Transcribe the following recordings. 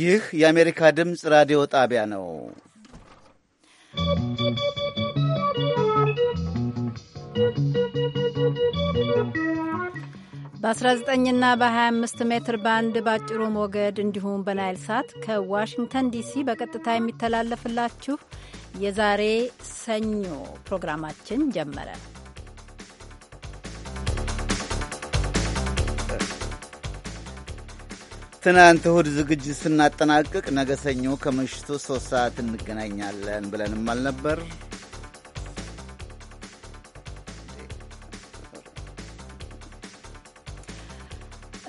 ይህ የአሜሪካ ድምፅ ራዲዮ ጣቢያ ነው። በ19ና በ25 ሜትር ባንድ ባጭሩ ሞገድ እንዲሁም በናይል ሳት ከዋሽንግተን ዲሲ በቀጥታ የሚተላለፍላችሁ የዛሬ ሰኞ ፕሮግራማችን ጀመረ። ትናንት እሁድ ዝግጅት ስናጠናቅቅ ነገ ሰኞ ከምሽቱ ሶስት ሰዓት እንገናኛለን ብለንም አልነበር።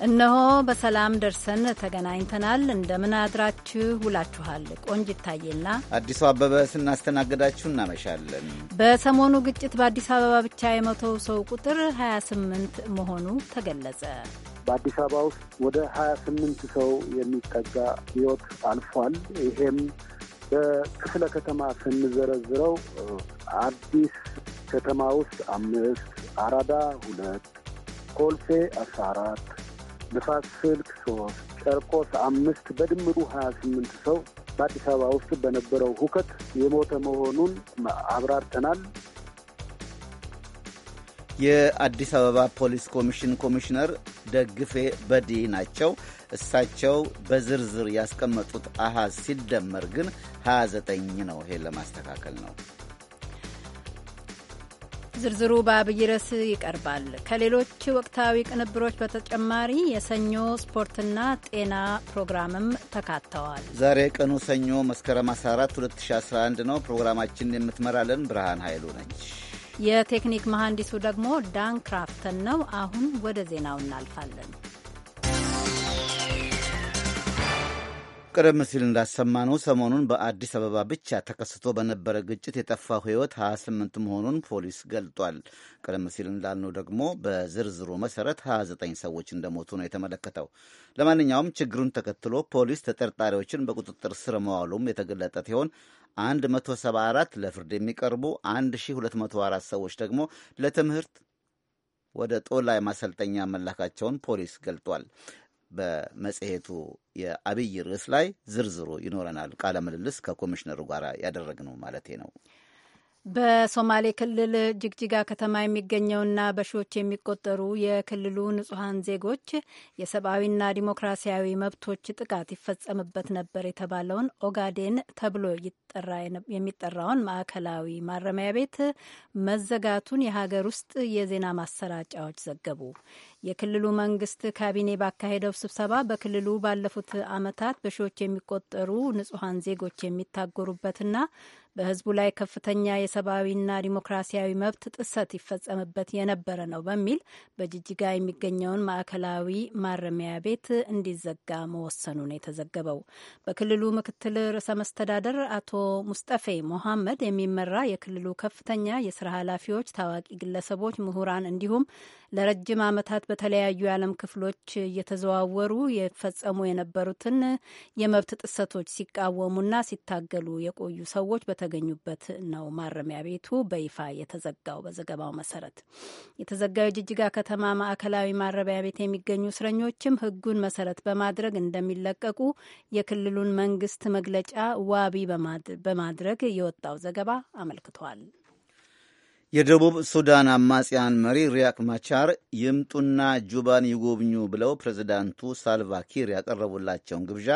እነሆ በሰላም ደርሰን ተገናኝተናል። እንደምን አድራችሁ ውላችኋል? ቆንጅ ይታየና አዲሱ አበበ ስናስተናግዳችሁ እናመሻለን። በሰሞኑ ግጭት በአዲስ አበባ ብቻ የመተው ሰው ቁጥር 28 መሆኑ ተገለጸ። በአዲስ አበባ ውስጥ ወደ 28 ሰው የሚጠጋ ሕይወት አልፏል። ይሄም በክፍለ ከተማ ስንዘረዝረው አዲስ ከተማ ውስጥ አምስት፣ አራዳ ሁለት፣ ኮልፌ አስራ አራት ንፋስ ስልክ ሶስት ጨርቆስ አምስት በድምሩ ሀያ ስምንት ሰው በአዲስ አበባ ውስጥ በነበረው ሁከት የሞተ መሆኑን አብራርተናል። የአዲስ አበባ ፖሊስ ኮሚሽን ኮሚሽነር ደግፌ በዲ ናቸው። እሳቸው በዝርዝር ያስቀመጡት አሃዝ ሲደመር ግን 29 ነው። ይሄን ለማስተካከል ነው። ዝርዝሩ በአብይ ርዕስ ይቀርባል። ከሌሎች ወቅታዊ ቅንብሮች በተጨማሪ የሰኞ ስፖርትና ጤና ፕሮግራምም ተካተዋል። ዛሬ ቀኑ ሰኞ መስከረም 14 2011 ነው። ፕሮግራማችንን የምትመራለን ብርሃን ኃይሉ ነች። የቴክኒክ መሐንዲሱ ደግሞ ዳን ክራፍተን ነው። አሁን ወደ ዜናው እናልፋለን። ቀደም ሲል እንዳሰማነው ሰሞኑን በአዲስ አበባ ብቻ ተከስቶ በነበረ ግጭት የጠፋው ሕይወት 28 መሆኑን ፖሊስ ገልጧል። ቀደም ሲል እንዳልነው ደግሞ በዝርዝሩ መሰረት 29 ሰዎች እንደሞቱ ነው የተመለከተው። ለማንኛውም ችግሩን ተከትሎ ፖሊስ ተጠርጣሪዎችን በቁጥጥር ስር መዋሉም የተገለጠ ሲሆን 174 ለፍርድ የሚቀርቡ 1204 ሰዎች ደግሞ ለትምህርት ወደ ጦላይ ማሰልጠኛ መላካቸውን ፖሊስ ገልጧል። በመጽሔቱ የአብይ ርዕስ ላይ ዝርዝሩ ይኖረናል። ቃለ ምልልስ ከኮሚሽነሩ ጋር ያደረግነው ማለቴ ነው። በሶማሌ ክልል ጅግጅጋ ከተማ የሚገኘውና በሺዎች የሚቆጠሩ የክልሉ ንጹሐን ዜጎች የሰብአዊና ዲሞክራሲያዊ መብቶች ጥቃት ይፈጸምበት ነበር የተባለውን ኦጋዴን ተብሎ የሚጠራውን ማዕከላዊ ማረሚያ ቤት መዘጋቱን የሀገር ውስጥ የዜና ማሰራጫዎች ዘገቡ። የክልሉ መንግስት ካቢኔ ባካሄደው ስብሰባ በክልሉ ባለፉት ዓመታት በሺዎች የሚቆጠሩ ንጹሐን ዜጎች የሚታጎሩበትና በህዝቡ ላይ ከፍተኛ የሰብአዊና ዲሞክራሲያዊ መብት ጥሰት ይፈጸምበት የነበረ ነው በሚል በጅጅጋ የሚገኘውን ማዕከላዊ ማረሚያ ቤት እንዲዘጋ ነው የተዘገበው በክልሉ ምክትል ርዕሰ መስተዳደር አቶ ሙስጠፌ ሞሐመድ የሚመራ የክልሉ ከፍተኛ የስራ ኃላፊዎች፣ ታዋቂ ግለሰቦች፣ ምሁራን እንዲሁም ለረጅም ዓመታት በተለያዩ የዓለም ክፍሎች እየተዘዋወሩ የፈጸሙ የነበሩትን የመብት ጥሰቶች ሲቃወሙና ሲታገሉ የቆዩ ሰዎች በተገኙበት ነው ማረሚያ ቤቱ በይፋ የተዘጋው። በዘገባው መሰረት የተዘጋው የጅጅጋ ከተማ ማዕከላዊ ማረሚያ ቤት የሚገኙ እስረኞችም ሕጉን መሰረት በማድረግ እንደሚለቀቁ የክልሉን መንግስት መግለጫ ዋቢ በማድረግ የወጣው ዘገባ አመልክቷል። የደቡብ ሱዳን አማጽያን መሪ ሪያክ ማቻር ይምጡና ጁባን ይጎብኙ ብለው ፕሬዚዳንቱ ሳልቫኪር ያቀረቡላቸውን ግብዣ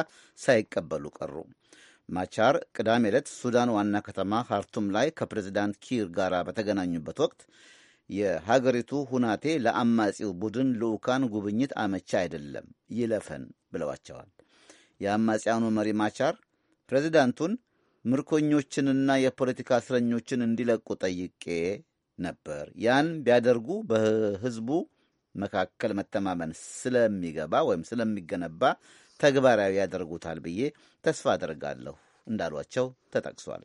ሳይቀበሉ ቀሩ። ማቻር ቅዳሜ ዕለት ሱዳን ዋና ከተማ ካርቱም ላይ ከፕሬዚዳንት ኪር ጋር በተገናኙበት ወቅት የሀገሪቱ ሁናቴ ለአማጺው ቡድን ልዑካን ጉብኝት አመቻ አይደለም፣ ይለፈን ብለዋቸዋል። የአማጺያኑ መሪ ማቻር ፕሬዚዳንቱን ምርኮኞችንና የፖለቲካ እስረኞችን እንዲለቁ ጠይቄ ነበር። ያን ቢያደርጉ በሕዝቡ መካከል መተማመን ስለሚገባ ወይም ስለሚገነባ ተግባራዊ ያደርጉታል ብዬ ተስፋ አደርጋለሁ እንዳሏቸው ተጠቅሷል።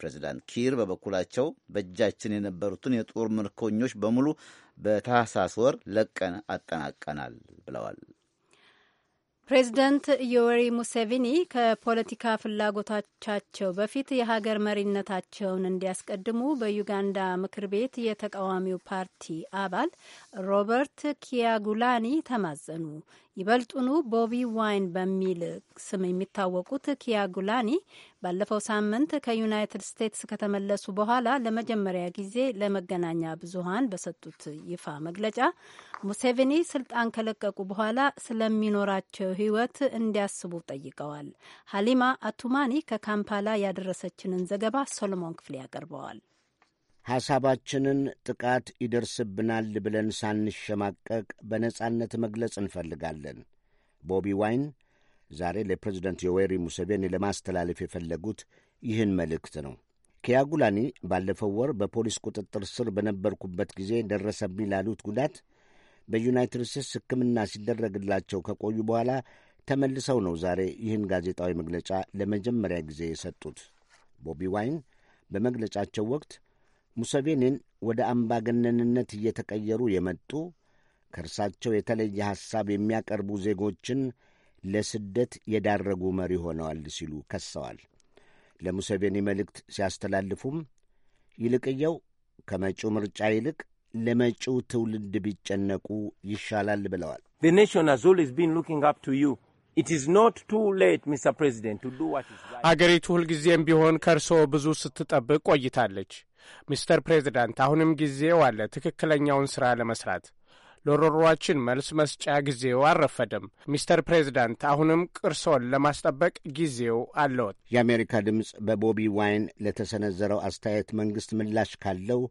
ፕሬዚዳንት ኪር በበኩላቸው በእጃችን የነበሩትን የጦር ምርኮኞች በሙሉ በታህሳስ ወር ለቀን አጠናቀናል ብለዋል። ፕሬዚደንት ዮወሪ ሙሴቪኒ ከፖለቲካ ፍላጎቶቻቸው በፊት የሀገር መሪነታቸውን እንዲያስቀድሙ በዩጋንዳ ምክር ቤት የተቃዋሚው ፓርቲ አባል ሮበርት ኪያጉላኒ ተማጸኑ። ይበልጡኑ ቦቢ ዋይን በሚል ስም የሚታወቁት ኪያጉላኒ ባለፈው ሳምንት ከዩናይትድ ስቴትስ ከተመለሱ በኋላ ለመጀመሪያ ጊዜ ለመገናኛ ብዙሃን በሰጡት ይፋ መግለጫ ሙሴቬኒ ስልጣን ከለቀቁ በኋላ ስለሚኖራቸው ሕይወት እንዲያስቡ ጠይቀዋል። ሀሊማ አቱማኒ ከካምፓላ ያደረሰችንን ዘገባ ሶሎሞን ክፍሌ ያቀርበዋል። ሐሳባችንን ጥቃት ይደርስብናል ብለን ሳንሸማቀቅ በነጻነት መግለጽ እንፈልጋለን ቦቢ ዋይን ዛሬ ለፕሬዚደንት ዮዌሪ ሙሴቬኒ ለማስተላለፍ የፈለጉት ይህን መልእክት ነው። ኪያጉላኒ ባለፈው ወር በፖሊስ ቁጥጥር ስር በነበርኩበት ጊዜ ደረሰብኝ ላሉት ጉዳት በዩናይትድ ስቴትስ ሕክምና ሲደረግላቸው ከቆዩ በኋላ ተመልሰው ነው ዛሬ ይህን ጋዜጣዊ መግለጫ ለመጀመሪያ ጊዜ የሰጡት። ቦቢ ዋይን በመግለጫቸው ወቅት ሙሰቬኒን ወደ አምባገነንነት እየተቀየሩ የመጡ ከእርሳቸው የተለየ ሐሳብ የሚያቀርቡ ዜጎችን ለስደት የዳረጉ መሪ ሆነዋል ሲሉ ከሰዋል። ለሙሴቬኒ መልእክት ሲያስተላልፉም ይልቅየው ከመጪው ምርጫ ይልቅ ለመጪው ትውልድ ቢጨነቁ ይሻላል ብለዋል። አገሪቱ ሁልጊዜም ቢሆን ከእርስዎ ብዙ ስትጠብቅ ቆይታለች። ሚስተር ፕሬዚዳንት፣ አሁንም ጊዜው አለ ትክክለኛውን ሥራ ለመሥራት። ለሮሯችን መልስ መስጫ ጊዜው አልረፈደም። ሚስተር ፕሬዚዳንት፣ አሁንም ቅርሶን ለማስጠበቅ ጊዜው አለዎት። የአሜሪካ ድምፅ በቦቢ ዋይን ለተሰነዘረው አስተያየት መንግሥት ምላሽ ካለው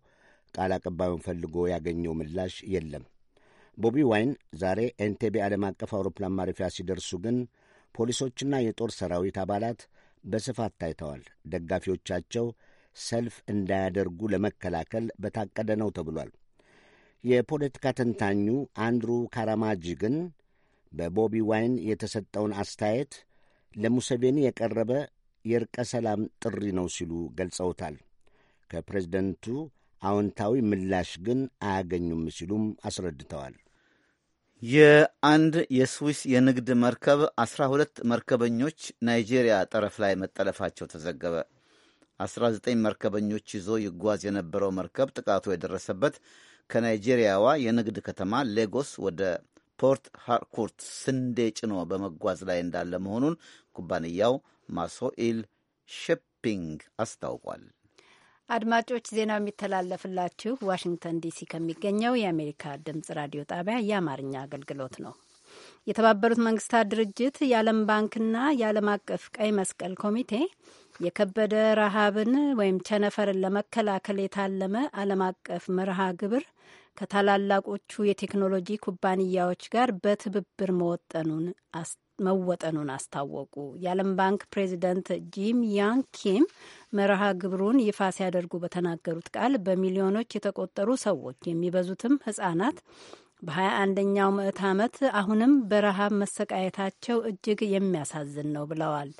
ቃል አቀባዩን ፈልጎ ያገኘው ምላሽ የለም። ቦቢ ዋይን ዛሬ ኤንቴቤ ዓለም አቀፍ አውሮፕላን ማረፊያ ሲደርሱ ግን ፖሊሶችና የጦር ሰራዊት አባላት በስፋት ታይተዋል። ደጋፊዎቻቸው ሰልፍ እንዳያደርጉ ለመከላከል በታቀደ ነው ተብሏል። የፖለቲካ ተንታኙ አንድሩ ካራማጂ ግን በቦቢ ዋይን የተሰጠውን አስተያየት ለሙሴቬኒ የቀረበ የእርቀ ሰላም ጥሪ ነው ሲሉ ገልጸውታል። ከፕሬዝደንቱ አዎንታዊ ምላሽ ግን አያገኙም ሲሉም አስረድተዋል። የአንድ የስዊስ የንግድ መርከብ አስራ ሁለት መርከበኞች ናይጄሪያ ጠረፍ ላይ መጠለፋቸው ተዘገበ። 19 መርከበኞች ይዞ ይጓዝ የነበረው መርከብ ጥቃቱ የደረሰበት ከናይጄሪያዋ የንግድ ከተማ ሌጎስ ወደ ፖርት ሃርኩርት ስንዴ ጭኖ በመጓዝ ላይ እንዳለ መሆኑን ኩባንያው ማሶኢል ሺፒንግ አስታውቋል። አድማጮች ዜናው የሚተላለፍላችሁ ዋሽንግተን ዲሲ ከሚገኘው የአሜሪካ ድምጽ ራዲዮ ጣቢያ የአማርኛ አገልግሎት ነው። የተባበሩት መንግስታት ድርጅት የዓለም ባንክና የዓለም አቀፍ ቀይ መስቀል ኮሚቴ የከበደ ረሃብን ወይም ቸነፈርን ለመከላከል የታለመ ዓለም አቀፍ መርሃ ግብር ከታላላቆቹ የቴክኖሎጂ ኩባንያዎች ጋር በትብብር መወጠኑን መወጠኑን አስታወቁ። የዓለም ባንክ ፕሬዚደንት ጂም ያንግ ኪም መርሃ ግብሩን ይፋ ሲያደርጉ በተናገሩት ቃል በሚሊዮኖች የተቆጠሩ ሰዎች የሚበዙትም ሕጻናት በሀያ አንደኛው ምዕት ዓመት አሁንም በረሃብ መሰቃየታቸው እጅግ የሚያሳዝን ነው ብለዋል።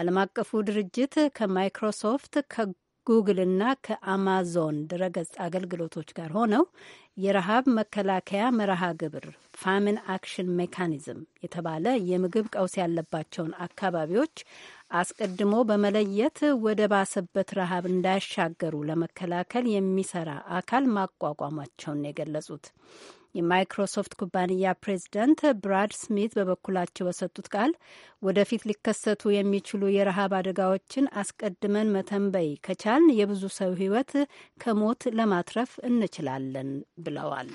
ዓለም አቀፉ ድርጅት ከማይክሮሶፍት ከጉግል ከአማዞን ድረገጽ አገልግሎቶች ጋር ሆነው የረሃብ መከላከያ መርሃ ግብር ፋሚን አክሽን ሜካኒዝም የተባለ የምግብ ቀውስ ያለባቸውን አካባቢዎች አስቀድሞ በመለየት ወደ ባሰበት ረሃብ እንዳያሻገሩ ለመከላከል የሚሰራ አካል ማቋቋማቸውን የገለጹት የማይክሮሶፍት ኩባንያ ፕሬዚደንት ብራድ ስሚት በበኩላቸው በሰጡት ቃል ወደፊት ሊከሰቱ የሚችሉ የረሃብ አደጋዎችን አስቀድመን መተንበይ ከቻልን የብዙ ሰው ሕይወት ከሞት ለማትረፍ እንችላለን ብለዋል።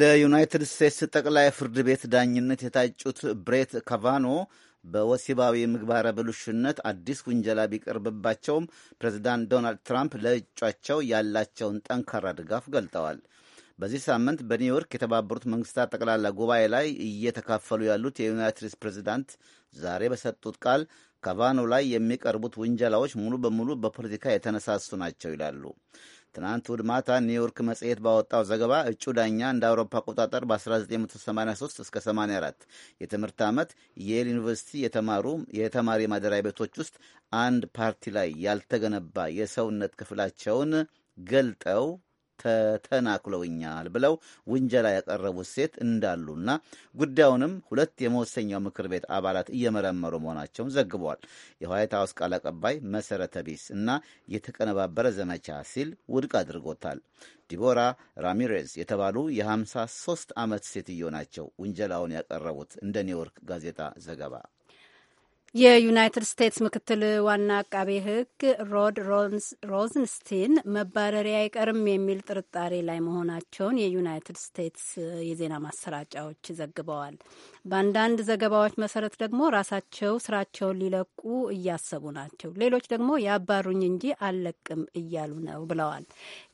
ለዩናይትድ ስቴትስ ጠቅላይ ፍርድ ቤት ዳኝነት የታጩት ብሬት ካቫኖ በወሲባዊ ምግባረ ብልሹነት አዲስ ውንጀላ ቢቀርብባቸውም ፕሬዚዳንት ዶናልድ ትራምፕ ለእጯቸው ያላቸውን ጠንካራ ድጋፍ ገልጠዋል። በዚህ ሳምንት በኒውዮርክ የተባበሩት መንግስታት ጠቅላላ ጉባኤ ላይ እየተካፈሉ ያሉት የዩናይትድ ስቴትስ ፕሬዚዳንት ዛሬ በሰጡት ቃል ካቫኖ ላይ የሚቀርቡት ውንጀላዎች ሙሉ በሙሉ በፖለቲካ የተነሳሱ ናቸው ይላሉ። ትናንት እሑድ ማታ ኒውዮርክ መጽሔት ባወጣው ዘገባ እጩ ዳኛ እንደ አውሮፓ አቆጣጠር በ1983 እስከ 84 የትምህርት ዓመት የየል ዩኒቨርሲቲ የተማሩ የተማሪ ማደሪያ ቤቶች ውስጥ አንድ ፓርቲ ላይ ያልተገነባ የሰውነት ክፍላቸውን ገልጠው ተተናክለውኛል ብለው ውንጀላ ያቀረቡት ሴት እንዳሉና ጉዳዩንም ሁለት የመወሰኛው ምክር ቤት አባላት እየመረመሩ መሆናቸውን ዘግቧል። የዋይት ሀውስ ቃል አቀባይ መሰረተ ቢስ እና የተቀነባበረ ዘመቻ ሲል ውድቅ አድርጎታል። ዲቦራ ራሚሬዝ የተባሉ የ53 ዓመት ሴትዮ ናቸው ውንጀላውን ያቀረቡት እንደ ኒውዮርክ ጋዜጣ ዘገባ የዩናይትድ ስቴትስ ምክትል ዋና አቃቤ ሕግ ሮድ ሮዝንስቲን መባረሪያ አይቀርም የሚል ጥርጣሬ ላይ መሆናቸውን የዩናይትድ ስቴትስ የዜና ማሰራጫዎች ዘግበዋል። በአንዳንድ ዘገባዎች መሰረት ደግሞ ራሳቸው ስራቸውን ሊለቁ እያሰቡ ናቸው፣ ሌሎች ደግሞ ያባሩኝ እንጂ አልለቅም እያሉ ነው ብለዋል።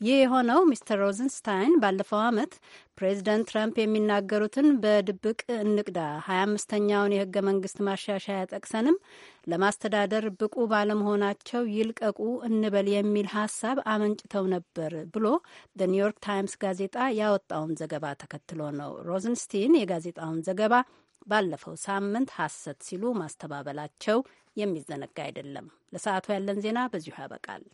ይህ የሆነው ሚስተር ሮዝንስታይን ባለፈው ዓመት ፕሬዚደንት ትራምፕ የሚናገሩትን በድብቅ እንቅዳ ሀያ አምስተኛውን የህገ መንግስት ማሻሻያ ጠቅሰንም ለማስተዳደር ብቁ ባለመሆናቸው ይልቀቁ እንበል የሚል ሀሳብ አመንጭተው ነበር ብሎ በኒውዮርክ ታይምስ ጋዜጣ ያወጣውን ዘገባ ተከትሎ ነው። ሮዝንስቲን የጋዜጣውን ዘገባ ባለፈው ሳምንት ሐሰት ሲሉ ማስተባበላቸው የሚዘነጋ አይደለም። ለሰዓቱ ያለን ዜና በዚሁ ያበቃል።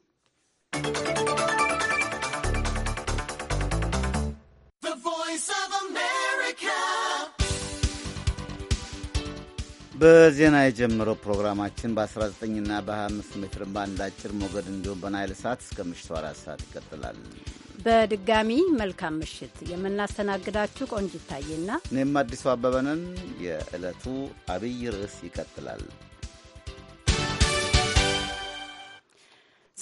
በዜና የጀመረው ፕሮግራማችን በ19ና በ25 ሜትር ባንድ አጭር ሞገድ እንዲሁም በናይል ሰዓት እስከ ምሽቱ አራት ሰዓት ይቀጥላል። በድጋሚ መልካም ምሽት። የምናስተናግዳችሁ ቆንጅ ታዬና እኔም አዲሱ አበበ ነን። የዕለቱ አብይ ርዕስ ይቀጥላል።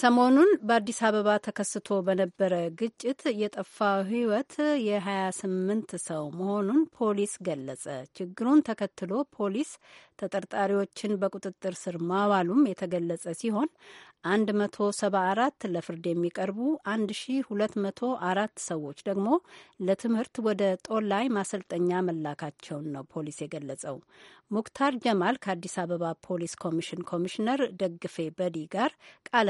ሰሞኑን በአዲስ አበባ ተከስቶ በነበረ ግጭት የጠፋው ሕይወት የ28 ሰው መሆኑን ፖሊስ ገለጸ። ችግሩን ተከትሎ ፖሊስ ተጠርጣሪዎችን በቁጥጥር ስር ማዋሉም የተገለጸ ሲሆን 174 ለፍርድ የሚቀርቡ 1204 ሰዎች ደግሞ ለትምህርት ወደ ጦላይ ማሰልጠኛ መላካቸውን ነው ፖሊስ የገለጸው። ሙክታር ጀማል ከአዲስ አበባ ፖሊስ ኮሚሽን ኮሚሽነር ደግፌ በዲ ጋር ቃለ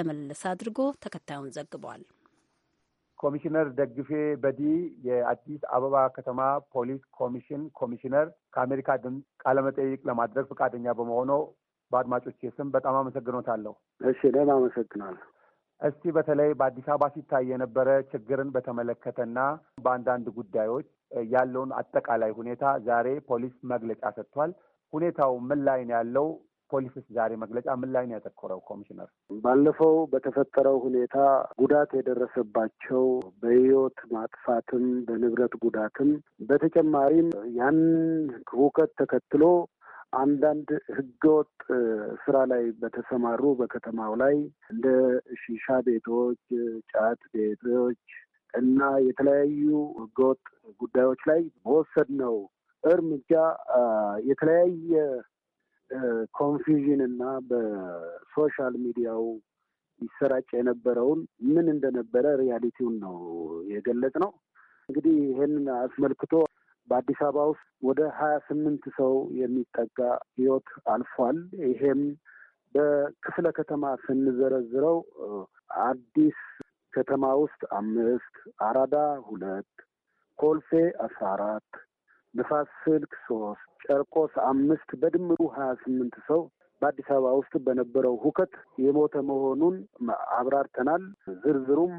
አድርጎ ተከታዩን ዘግቧል። ኮሚሽነር ደግፌ በዲ የአዲስ አበባ ከተማ ፖሊስ ኮሚሽን ኮሚሽነር ከአሜሪካ ድምፅ ቃለመጠይቅ ለማድረግ ፈቃደኛ በመሆኑ በአድማጮች ስም በጣም አመሰግኖታለሁ። እሺ፣ እኔም አመሰግናለሁ። እስቲ በተለይ በአዲስ አበባ ሲታይ የነበረ ችግርን በተመለከተና በአንዳንድ ጉዳዮች ያለውን አጠቃላይ ሁኔታ ዛሬ ፖሊስ መግለጫ ሰጥቷል። ሁኔታው ምን ላይ ነው ያለው? ፖሊስስ ዛሬ መግለጫ ምን ላይ ነው ያተኮረው? ኮሚሽነር፣ ባለፈው በተፈጠረው ሁኔታ ጉዳት የደረሰባቸው በህይወት ማጥፋትም በንብረት ጉዳትም በተጨማሪም ያን ሁከት ተከትሎ አንዳንድ ህገወጥ ስራ ላይ በተሰማሩ በከተማው ላይ እንደ ሺሻ ቤቶች፣ ጫት ቤቶች እና የተለያዩ ህገወጥ ጉዳዮች ላይ በወሰድነው እርምጃ የተለያየ ኮንፊዥን እና በሶሻል ሚዲያው ይሰራጭ የነበረውን ምን እንደነበረ ሪያሊቲውን ነው የገለጽ ነው። እንግዲህ ይህንን አስመልክቶ በአዲስ አበባ ውስጥ ወደ ሀያ ስምንት ሰው የሚጠጋ ህይወት አልፏል። ይሄም በክፍለ ከተማ ስንዘረዝረው አዲስ ከተማ ውስጥ አምስት፣ አራዳ ሁለት፣ ኮልፌ አስራ አራት፣ ንፋስ ስልክ ሶስት፣ ጨርቆስ አምስት በድምሩ ሀያ ስምንት ሰው በአዲስ አበባ ውስጥ በነበረው ሁከት የሞተ መሆኑን አብራርተናል። ዝርዝሩም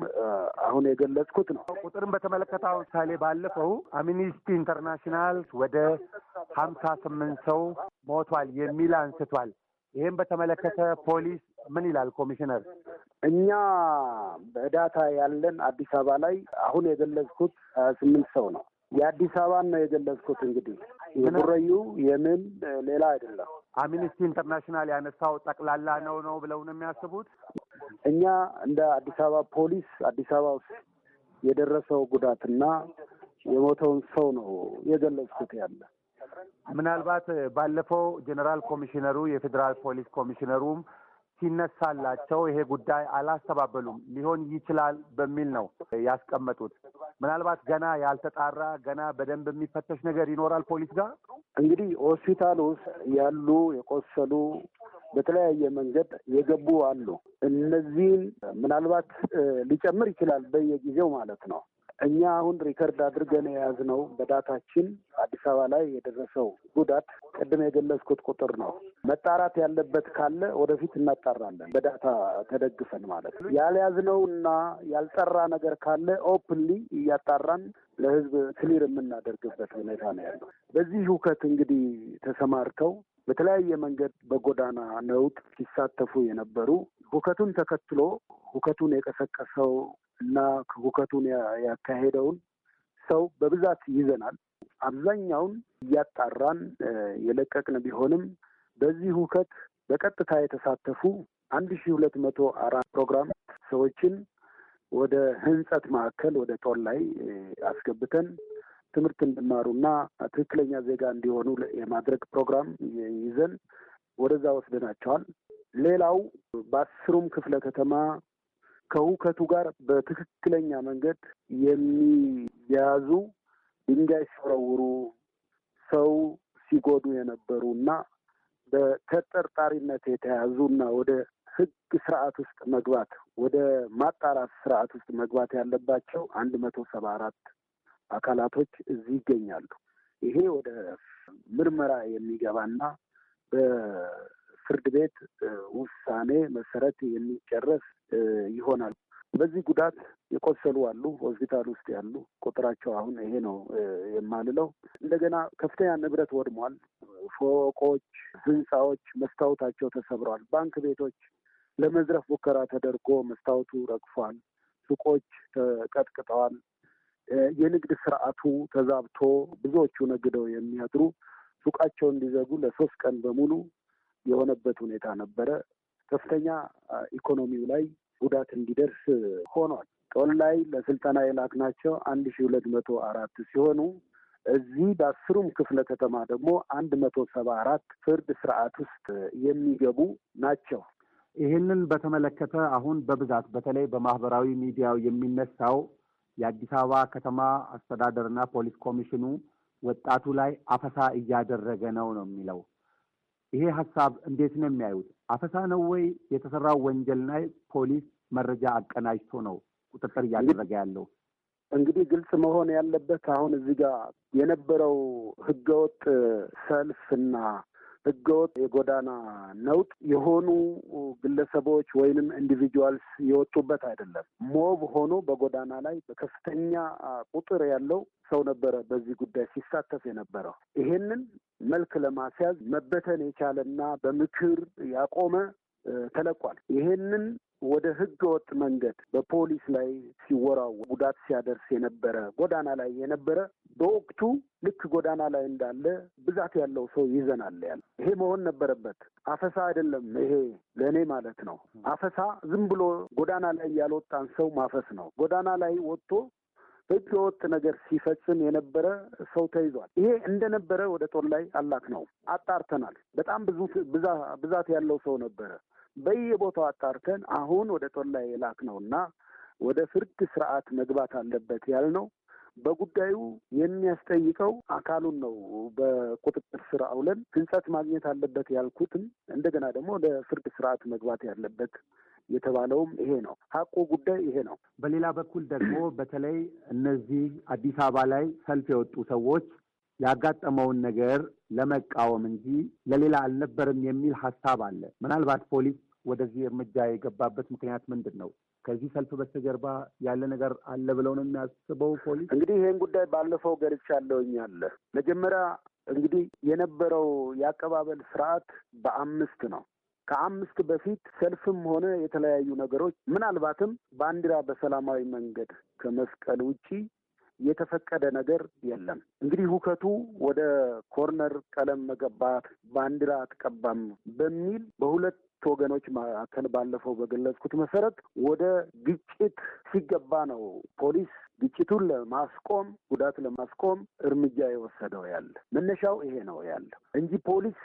አሁን የገለጽኩት ነው። ቁጥርን በተመለከተ ምሳሌ ባለፈው አምኒስቲ ኢንተርናሽናል ወደ ሀምሳ ስምንት ሰው ሞቷል የሚል አንስቷል። ይህም በተመለከተ ፖሊስ ምን ይላል? ኮሚሽነር፣ እኛ በዳታ ያለን አዲስ አበባ ላይ አሁን የገለጽኩት ስምንት ሰው ነው። የአዲስ አበባን ነው የገለጽኩት። እንግዲህ የቡረዩ የምን ሌላ አይደለም። አሚኒስቲ ኢንተርናሽናል ያነሳው ጠቅላላ ነው ነው ብለው ነው የሚያስቡት። እኛ እንደ አዲስ አበባ ፖሊስ አዲስ አበባ ውስጥ የደረሰው ጉዳትና የሞተውን ሰው ነው የገለጽኩት ያለ ምናልባት ባለፈው ጀኔራል ኮሚሽነሩ የፌዴራል ፖሊስ ኮሚሽነሩም ሲነሳላቸው ይሄ ጉዳይ አላስተባበሉም ሊሆን ይችላል በሚል ነው ያስቀመጡት። ምናልባት ገና ያልተጣራ ገና በደንብ የሚፈተሽ ነገር ይኖራል። ፖሊስ ጋር እንግዲህ ሆስፒታል ውስጥ ያሉ የቆሰሉ በተለያየ መንገድ የገቡ አሉ። እነዚህን ምናልባት ሊጨምር ይችላል በየጊዜው ማለት ነው። እኛ አሁን ሪከርድ አድርገን የያዝነው በዳታችን አዲስ አበባ ላይ የደረሰው ጉዳት ቅድም የገለጽኩት ቁጥር ነው። መጣራት ያለበት ካለ ወደፊት እናጣራለን፣ በዳታ ተደግፈን ማለት ነው። ያልያዝነው እና ያልጠራ ነገር ካለ ኦፕንሊ እያጣራን ለህዝብ ክሊር የምናደርግበት ሁኔታ ነው ያለው። በዚህ ሁከት እንግዲህ ተሰማርተው በተለያየ መንገድ በጎዳና ነውጥ ሲሳተፉ የነበሩ ሁከቱን ተከትሎ ሁከቱን የቀሰቀሰው እና ሁከቱን ያካሄደውን ሰው በብዛት ይዘናል። አብዛኛውን እያጣራን የለቀቅን ቢሆንም በዚህ ሁከት በቀጥታ የተሳተፉ አንድ ሺ ሁለት መቶ አራት ፕሮግራም ሰዎችን ወደ ህንጸት ማዕከል ወደ ጦር ላይ አስገብተን ትምህርት እንዲማሩና ትክክለኛ ዜጋ እንዲሆኑ የማድረግ ፕሮግራም ይዘን ወደዛ ወስደናቸዋል። ሌላው በአስሩም ክፍለ ከተማ ከሁከቱ ጋር በትክክለኛ መንገድ የሚያያዙ ድንጋይ ሲወረውሩ፣ ሰው ሲጎዱ የነበሩ እና በተጠርጣሪነት የተያዙ እና ወደ ሕግ ስርዓት ውስጥ መግባት ወደ ማጣራት ስርዓት ውስጥ መግባት ያለባቸው አንድ መቶ ሰባ አራት አካላቶች እዚህ ይገኛሉ። ይሄ ወደ ምርመራ የሚገባና በፍርድ ቤት ውሳኔ መሰረት የሚጨረስ ይሆናል። በዚህ ጉዳት የቆሰሉ አሉ፣ ሆስፒታል ውስጥ ያሉ ቁጥራቸው አሁን ይሄ ነው የማልለው። እንደገና ከፍተኛ ንብረት ወድሟል። ፎቆች፣ ህንፃዎች መስታወታቸው ተሰብረዋል። ባንክ ቤቶች ለመዝረፍ ሙከራ ተደርጎ መስታወቱ ረግፏል። ሱቆች ተቀጥቅጠዋል። የንግድ ስርዓቱ ተዛብቶ ብዙዎቹ ነግደው የሚያድሩ ሱቃቸውን እንዲዘጉ ለሶስት ቀን በሙሉ የሆነበት ሁኔታ ነበረ። ከፍተኛ ኢኮኖሚው ላይ ጉዳት እንዲደርስ ሆኗል። ጦን ላይ ለስልጠና የላክናቸው አንድ ሺ ሁለት መቶ አራት ሲሆኑ እዚህ በአስሩም ክፍለ ከተማ ደግሞ አንድ መቶ ሰባ አራት ፍርድ ስርዓት ውስጥ የሚገቡ ናቸው። ይህንን በተመለከተ አሁን በብዛት በተለይ በማህበራዊ ሚዲያው የሚነሳው የአዲስ አበባ ከተማ አስተዳደርና ፖሊስ ኮሚሽኑ ወጣቱ ላይ አፈሳ እያደረገ ነው ነው የሚለው። ይሄ ሀሳብ እንዴት ነው የሚያዩት? አፈሳ ነው ወይ የተሰራው ወንጀል ላይ ፖሊስ መረጃ አቀናጅቶ ነው ቁጥጥር እያደረገ ያለው? እንግዲህ ግልጽ መሆን ያለበት አሁን እዚህ ጋር የነበረው ህገወጥ ሰልፍና ህገወጥ የጎዳና ነውጥ የሆኑ ግለሰቦች ወይንም ኢንዲቪጁዋልስ የወጡበት አይደለም። ሞብ ሆኖ በጎዳና ላይ በከፍተኛ ቁጥር ያለው ሰው ነበረ በዚህ ጉዳይ ሲሳተፍ የነበረው። ይሄንን መልክ ለማስያዝ መበተን የቻለና በምክር ያቆመ ተለቋል። ይሄንን ወደ ህገ ወጥ መንገድ በፖሊስ ላይ ሲወራው ጉዳት ሲያደርስ የነበረ ጎዳና ላይ የነበረ በወቅቱ ልክ ጎዳና ላይ እንዳለ ብዛት ያለው ሰው ይዘናል ያለ ይሄ መሆን ነበረበት። አፈሳ አይደለም ይሄ ለእኔ ማለት ነው። አፈሳ ዝም ብሎ ጎዳና ላይ ያልወጣን ሰው ማፈስ ነው። ጎዳና ላይ ወጥቶ ህገ ወጥ ነገር ሲፈጽም የነበረ ሰው ተይዟል። ይሄ እንደነበረ ወደ ጦር ላይ አላክ ነው አጣርተናል። በጣም ብዙ ብዛት ያለው ሰው ነበረ። በየቦታው አጣርተን አሁን ወደ ጦላ የላክ ነው እና ወደ ፍርድ ስርዓት መግባት አለበት ያልነው በጉዳዩ የሚያስጠይቀው አካሉን ነው በቁጥጥር ስር አውለን ህንጸት ማግኘት አለበት ያልኩትም እንደገና ደግሞ ፍርድ ስርዓት መግባት ያለበት የተባለውም ይሄ ነው። ሀቁ ጉዳይ ይሄ ነው። በሌላ በኩል ደግሞ በተለይ እነዚህ አዲስ አበባ ላይ ሰልፍ የወጡ ሰዎች ያጋጠመውን ነገር ለመቃወም እንጂ ለሌላ አልነበርም የሚል ሀሳብ አለ። ምናልባት ፖሊስ ወደዚህ እርምጃ የገባበት ምክንያት ምንድን ነው? ከዚህ ሰልፍ በስተጀርባ ያለ ነገር አለ ብለው ነው የሚያስበው ፖሊስ? እንግዲህ ይህን ጉዳይ ባለፈው ገልጫለሁኝ። አለ መጀመሪያ እንግዲህ የነበረው የአቀባበል ስርዓት በአምስት ነው። ከአምስት በፊት ሰልፍም ሆነ የተለያዩ ነገሮች ምናልባትም ባንዲራ በሰላማዊ መንገድ ከመስቀል ውጪ የተፈቀደ ነገር የለም። እንግዲህ ሁከቱ ወደ ኮርነር ቀለም መቀባት፣ ባንዲራ አትቀባም በሚል በሁለት ወገኖች መካከል ባለፈው በገለጽኩት መሰረት ወደ ግጭት ሲገባ ነው ፖሊስ ግጭቱን ለማስቆም ጉዳት ለማስቆም እርምጃ የወሰደው ያለ መነሻው ይሄ ነው ያለ እንጂ ፖሊስ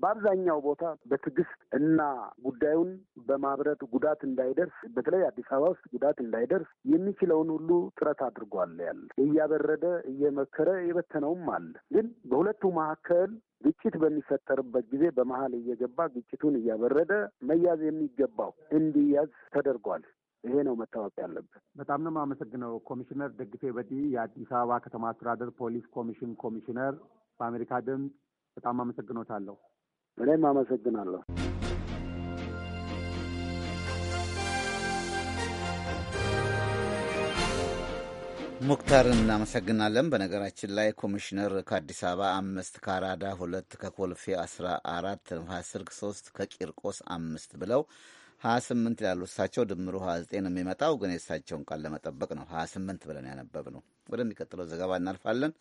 በአብዛኛው ቦታ በትዕግስት እና ጉዳዩን በማብረድ ጉዳት እንዳይደርስ በተለይ አዲስ አበባ ውስጥ ጉዳት እንዳይደርስ የሚችለውን ሁሉ ጥረት አድርጓል። ያለ እያበረደ እየመከረ የበተነውም አለ። ግን በሁለቱ መካከል ግጭት በሚፈጠርበት ጊዜ በመሀል እየገባ ግጭቱን እያበረደ መያዝ የሚገባው እንዲያዝ ተደርጓል። ይሄ ነው መታወቅ ያለበት። በጣም ነው የማመሰግነው ኮሚሽነር ደግፌ በዲ የአዲስ አበባ ከተማ አስተዳደር ፖሊስ ኮሚሽን ኮሚሽነር። በአሜሪካ ድምፅ በጣም አመሰግኖታለሁ። እኔም አመሰግናለሁ። ሙክታር እናመሰግናለን። በነገራችን ላይ ኮሚሽነር ከአዲስ አበባ አምስት ከአራዳ ሁለት ከኮልፌ አስራ አራት ነፋስ ስልክ ሶስት ከቂርቆስ አምስት ብለው ሀያ ስምንት ይላሉ እሳቸው። ድምሩ ሀያ ዘጠኝ ነው የሚመጣው፣ ግን የእሳቸውን ቃል ለመጠበቅ ነው ሀያ ስምንት ብለን ያነበብ ነው። ወደሚቀጥለው ዘገባ እናልፋለን።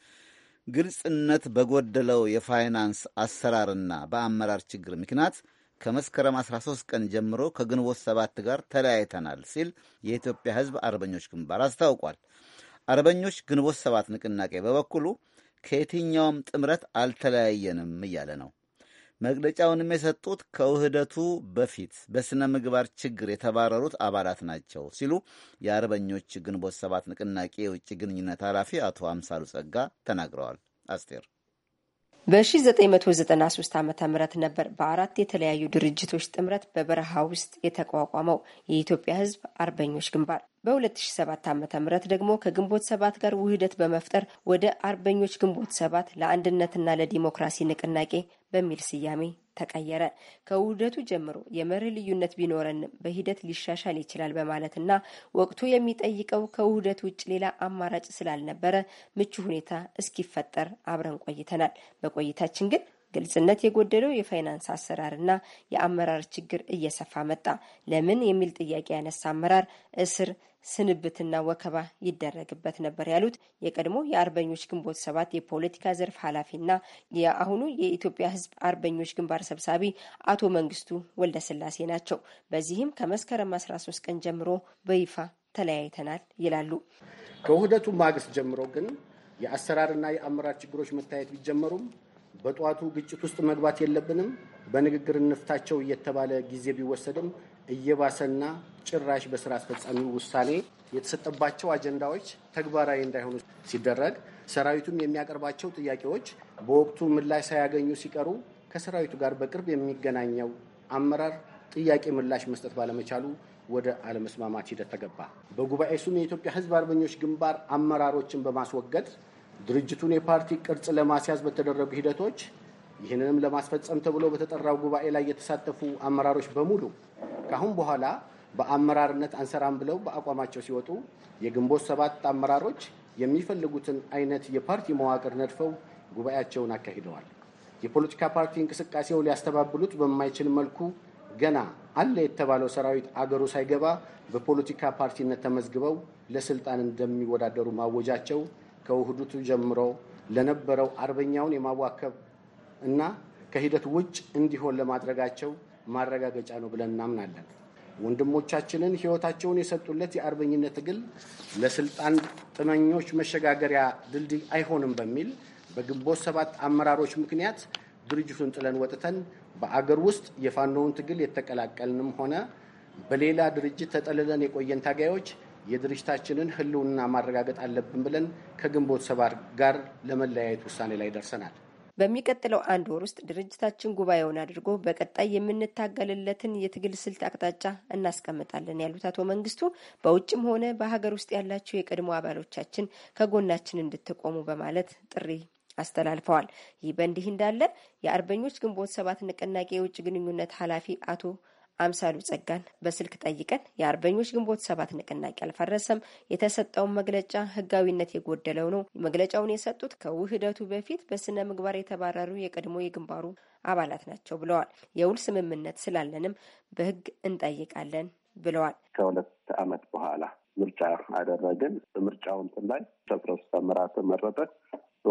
ግልጽነት በጎደለው የፋይናንስ አሰራርና በአመራር ችግር ምክንያት ከመስከረም 13 ቀን ጀምሮ ከግንቦት ሰባት ጋር ተለያይተናል ሲል የኢትዮጵያ ሕዝብ አርበኞች ግንባር አስታውቋል። አርበኞች ግንቦት ሰባት ንቅናቄ በበኩሉ ከየትኛውም ጥምረት አልተለያየንም እያለ ነው። መግለጫውንም የሰጡት ከውህደቱ በፊት በሥነ ምግባር ችግር የተባረሩት አባላት ናቸው ሲሉ የአርበኞች ግንቦት ሰባት ንቅናቄ የውጭ ግንኙነት ኃላፊ አቶ አምሳሉ ጸጋ ተናግረዋል። አስቴር በ1993 ዓ ም ነበር በአራት የተለያዩ ድርጅቶች ጥምረት በበረሃ ውስጥ የተቋቋመው የኢትዮጵያ ሕዝብ አርበኞች ግንባር በ2007 ዓ ም ደግሞ ከግንቦት ሰባት ጋር ውህደት በመፍጠር ወደ አርበኞች ግንቦት ሰባት ለአንድነትና ለዲሞክራሲ ንቅናቄ በሚል ስያሜ ተቀየረ። ከውህደቱ ጀምሮ የመርህ ልዩነት ቢኖረንም በሂደት ሊሻሻል ይችላል በማለትና ወቅቱ የሚጠይቀው ከውህደት ውጭ ሌላ አማራጭ ስላልነበረ ምቹ ሁኔታ እስኪፈጠር አብረን ቆይተናል። በቆይታችን ግን ግልጽነት የጎደለው የፋይናንስ አሰራርና የአመራር ችግር እየሰፋ መጣ። ለምን የሚል ጥያቄ ያነሳ አመራር እስር፣ ስንብትና ወከባ ይደረግበት ነበር ያሉት የቀድሞ የአርበኞች ግንቦት ሰባት የፖለቲካ ዘርፍ ኃላፊና የአሁኑ የኢትዮጵያ ሕዝብ አርበኞች ግንባር ሰብሳቢ አቶ መንግስቱ ወልደስላሴ ናቸው። በዚህም ከመስከረም 13 ቀን ጀምሮ በይፋ ተለያይተናል ይላሉ። ከውህደቱ ማግስት ጀምሮ ግን የአሰራርና የአመራር ችግሮች መታየት ቢጀመሩም በጠዋቱ ግጭት ውስጥ መግባት የለብንም፣ በንግግር እንፍታቸው እየተባለ ጊዜ ቢወሰድም እየባሰና ጭራሽ በስራ አስፈጻሚው ውሳኔ የተሰጠባቸው አጀንዳዎች ተግባራዊ እንዳይሆኑ ሲደረግ፣ ሰራዊቱም የሚያቀርባቸው ጥያቄዎች በወቅቱ ምላሽ ሳያገኙ ሲቀሩ ከሰራዊቱ ጋር በቅርብ የሚገናኘው አመራር ጥያቄ ምላሽ መስጠት ባለመቻሉ ወደ አለመስማማት ሂደት ተገባ። በጉባኤ ሱም የኢትዮጵያ ሕዝብ አርበኞች ግንባር አመራሮችን በማስወገድ ድርጅቱን የፓርቲ ቅርጽ ለማስያዝ በተደረጉ ሂደቶች ይህንንም ለማስፈጸም ተብሎ በተጠራው ጉባኤ ላይ የተሳተፉ አመራሮች በሙሉ ከአሁን በኋላ በአመራርነት አንሰራም ብለው በአቋማቸው ሲወጡ የግንቦት ሰባት አመራሮች የሚፈልጉትን አይነት የፓርቲ መዋቅር ነድፈው ጉባኤያቸውን አካሂደዋል። የፖለቲካ ፓርቲ እንቅስቃሴው ሊያስተባብሉት በማይችል መልኩ ገና አለ የተባለው ሰራዊት አገሩ ሳይገባ በፖለቲካ ፓርቲነት ተመዝግበው ለስልጣን እንደሚወዳደሩ ማወጃቸው ከውህዱቱ ጀምሮ ለነበረው አርበኛውን የማዋከብ እና ከሂደት ውጭ እንዲሆን ለማድረጋቸው ማረጋገጫ ነው ብለን እናምናለን። ወንድሞቻችንን ህይወታቸውን የሰጡለት የአርበኝነት ትግል ለስልጣን ጥመኞች መሸጋገሪያ ድልድይ አይሆንም በሚል በግንቦት ሰባት አመራሮች ምክንያት ድርጅቱን ጥለን ወጥተን በአገር ውስጥ የፋኖውን ትግል የተቀላቀልንም ሆነ በሌላ ድርጅት ተጠልለን የቆየን ታጋዮች የድርጅታችንን ህልውና ማረጋገጥ አለብን ብለን ከግንቦት ሰባት ጋር ለመለያየት ውሳኔ ላይ ደርሰናል። በሚቀጥለው አንድ ወር ውስጥ ድርጅታችን ጉባኤውን አድርጎ በቀጣይ የምንታገልለትን የትግል ስልት አቅጣጫ እናስቀምጣለን ያሉት አቶ መንግስቱ በውጭም ሆነ በሀገር ውስጥ ያላቸው የቀድሞ አባሎቻችን ከጎናችን እንድትቆሙ በማለት ጥሪ አስተላልፈዋል። ይህ በእንዲህ እንዳለ የአርበኞች ግንቦት ሰባት ንቅናቄ የውጭ ግንኙነት ኃላፊ አቶ አምሳሉ ጸጋን በስልክ ጠይቀን የአርበኞች ግንቦት ሰባት ንቅናቄ አልፈረሰም፣ የተሰጠውን መግለጫ ህጋዊነት የጎደለው ነው። መግለጫውን የሰጡት ከውህደቱ በፊት በስነ ምግባር የተባረሩ የቀድሞ የግንባሩ አባላት ናቸው ብለዋል። የውል ስምምነት ስላለንም በህግ እንጠይቃለን ብለዋል። ከሁለት አመት በኋላ ምርጫ አደረግን። ምርጫውን ላይ ተመረጠ።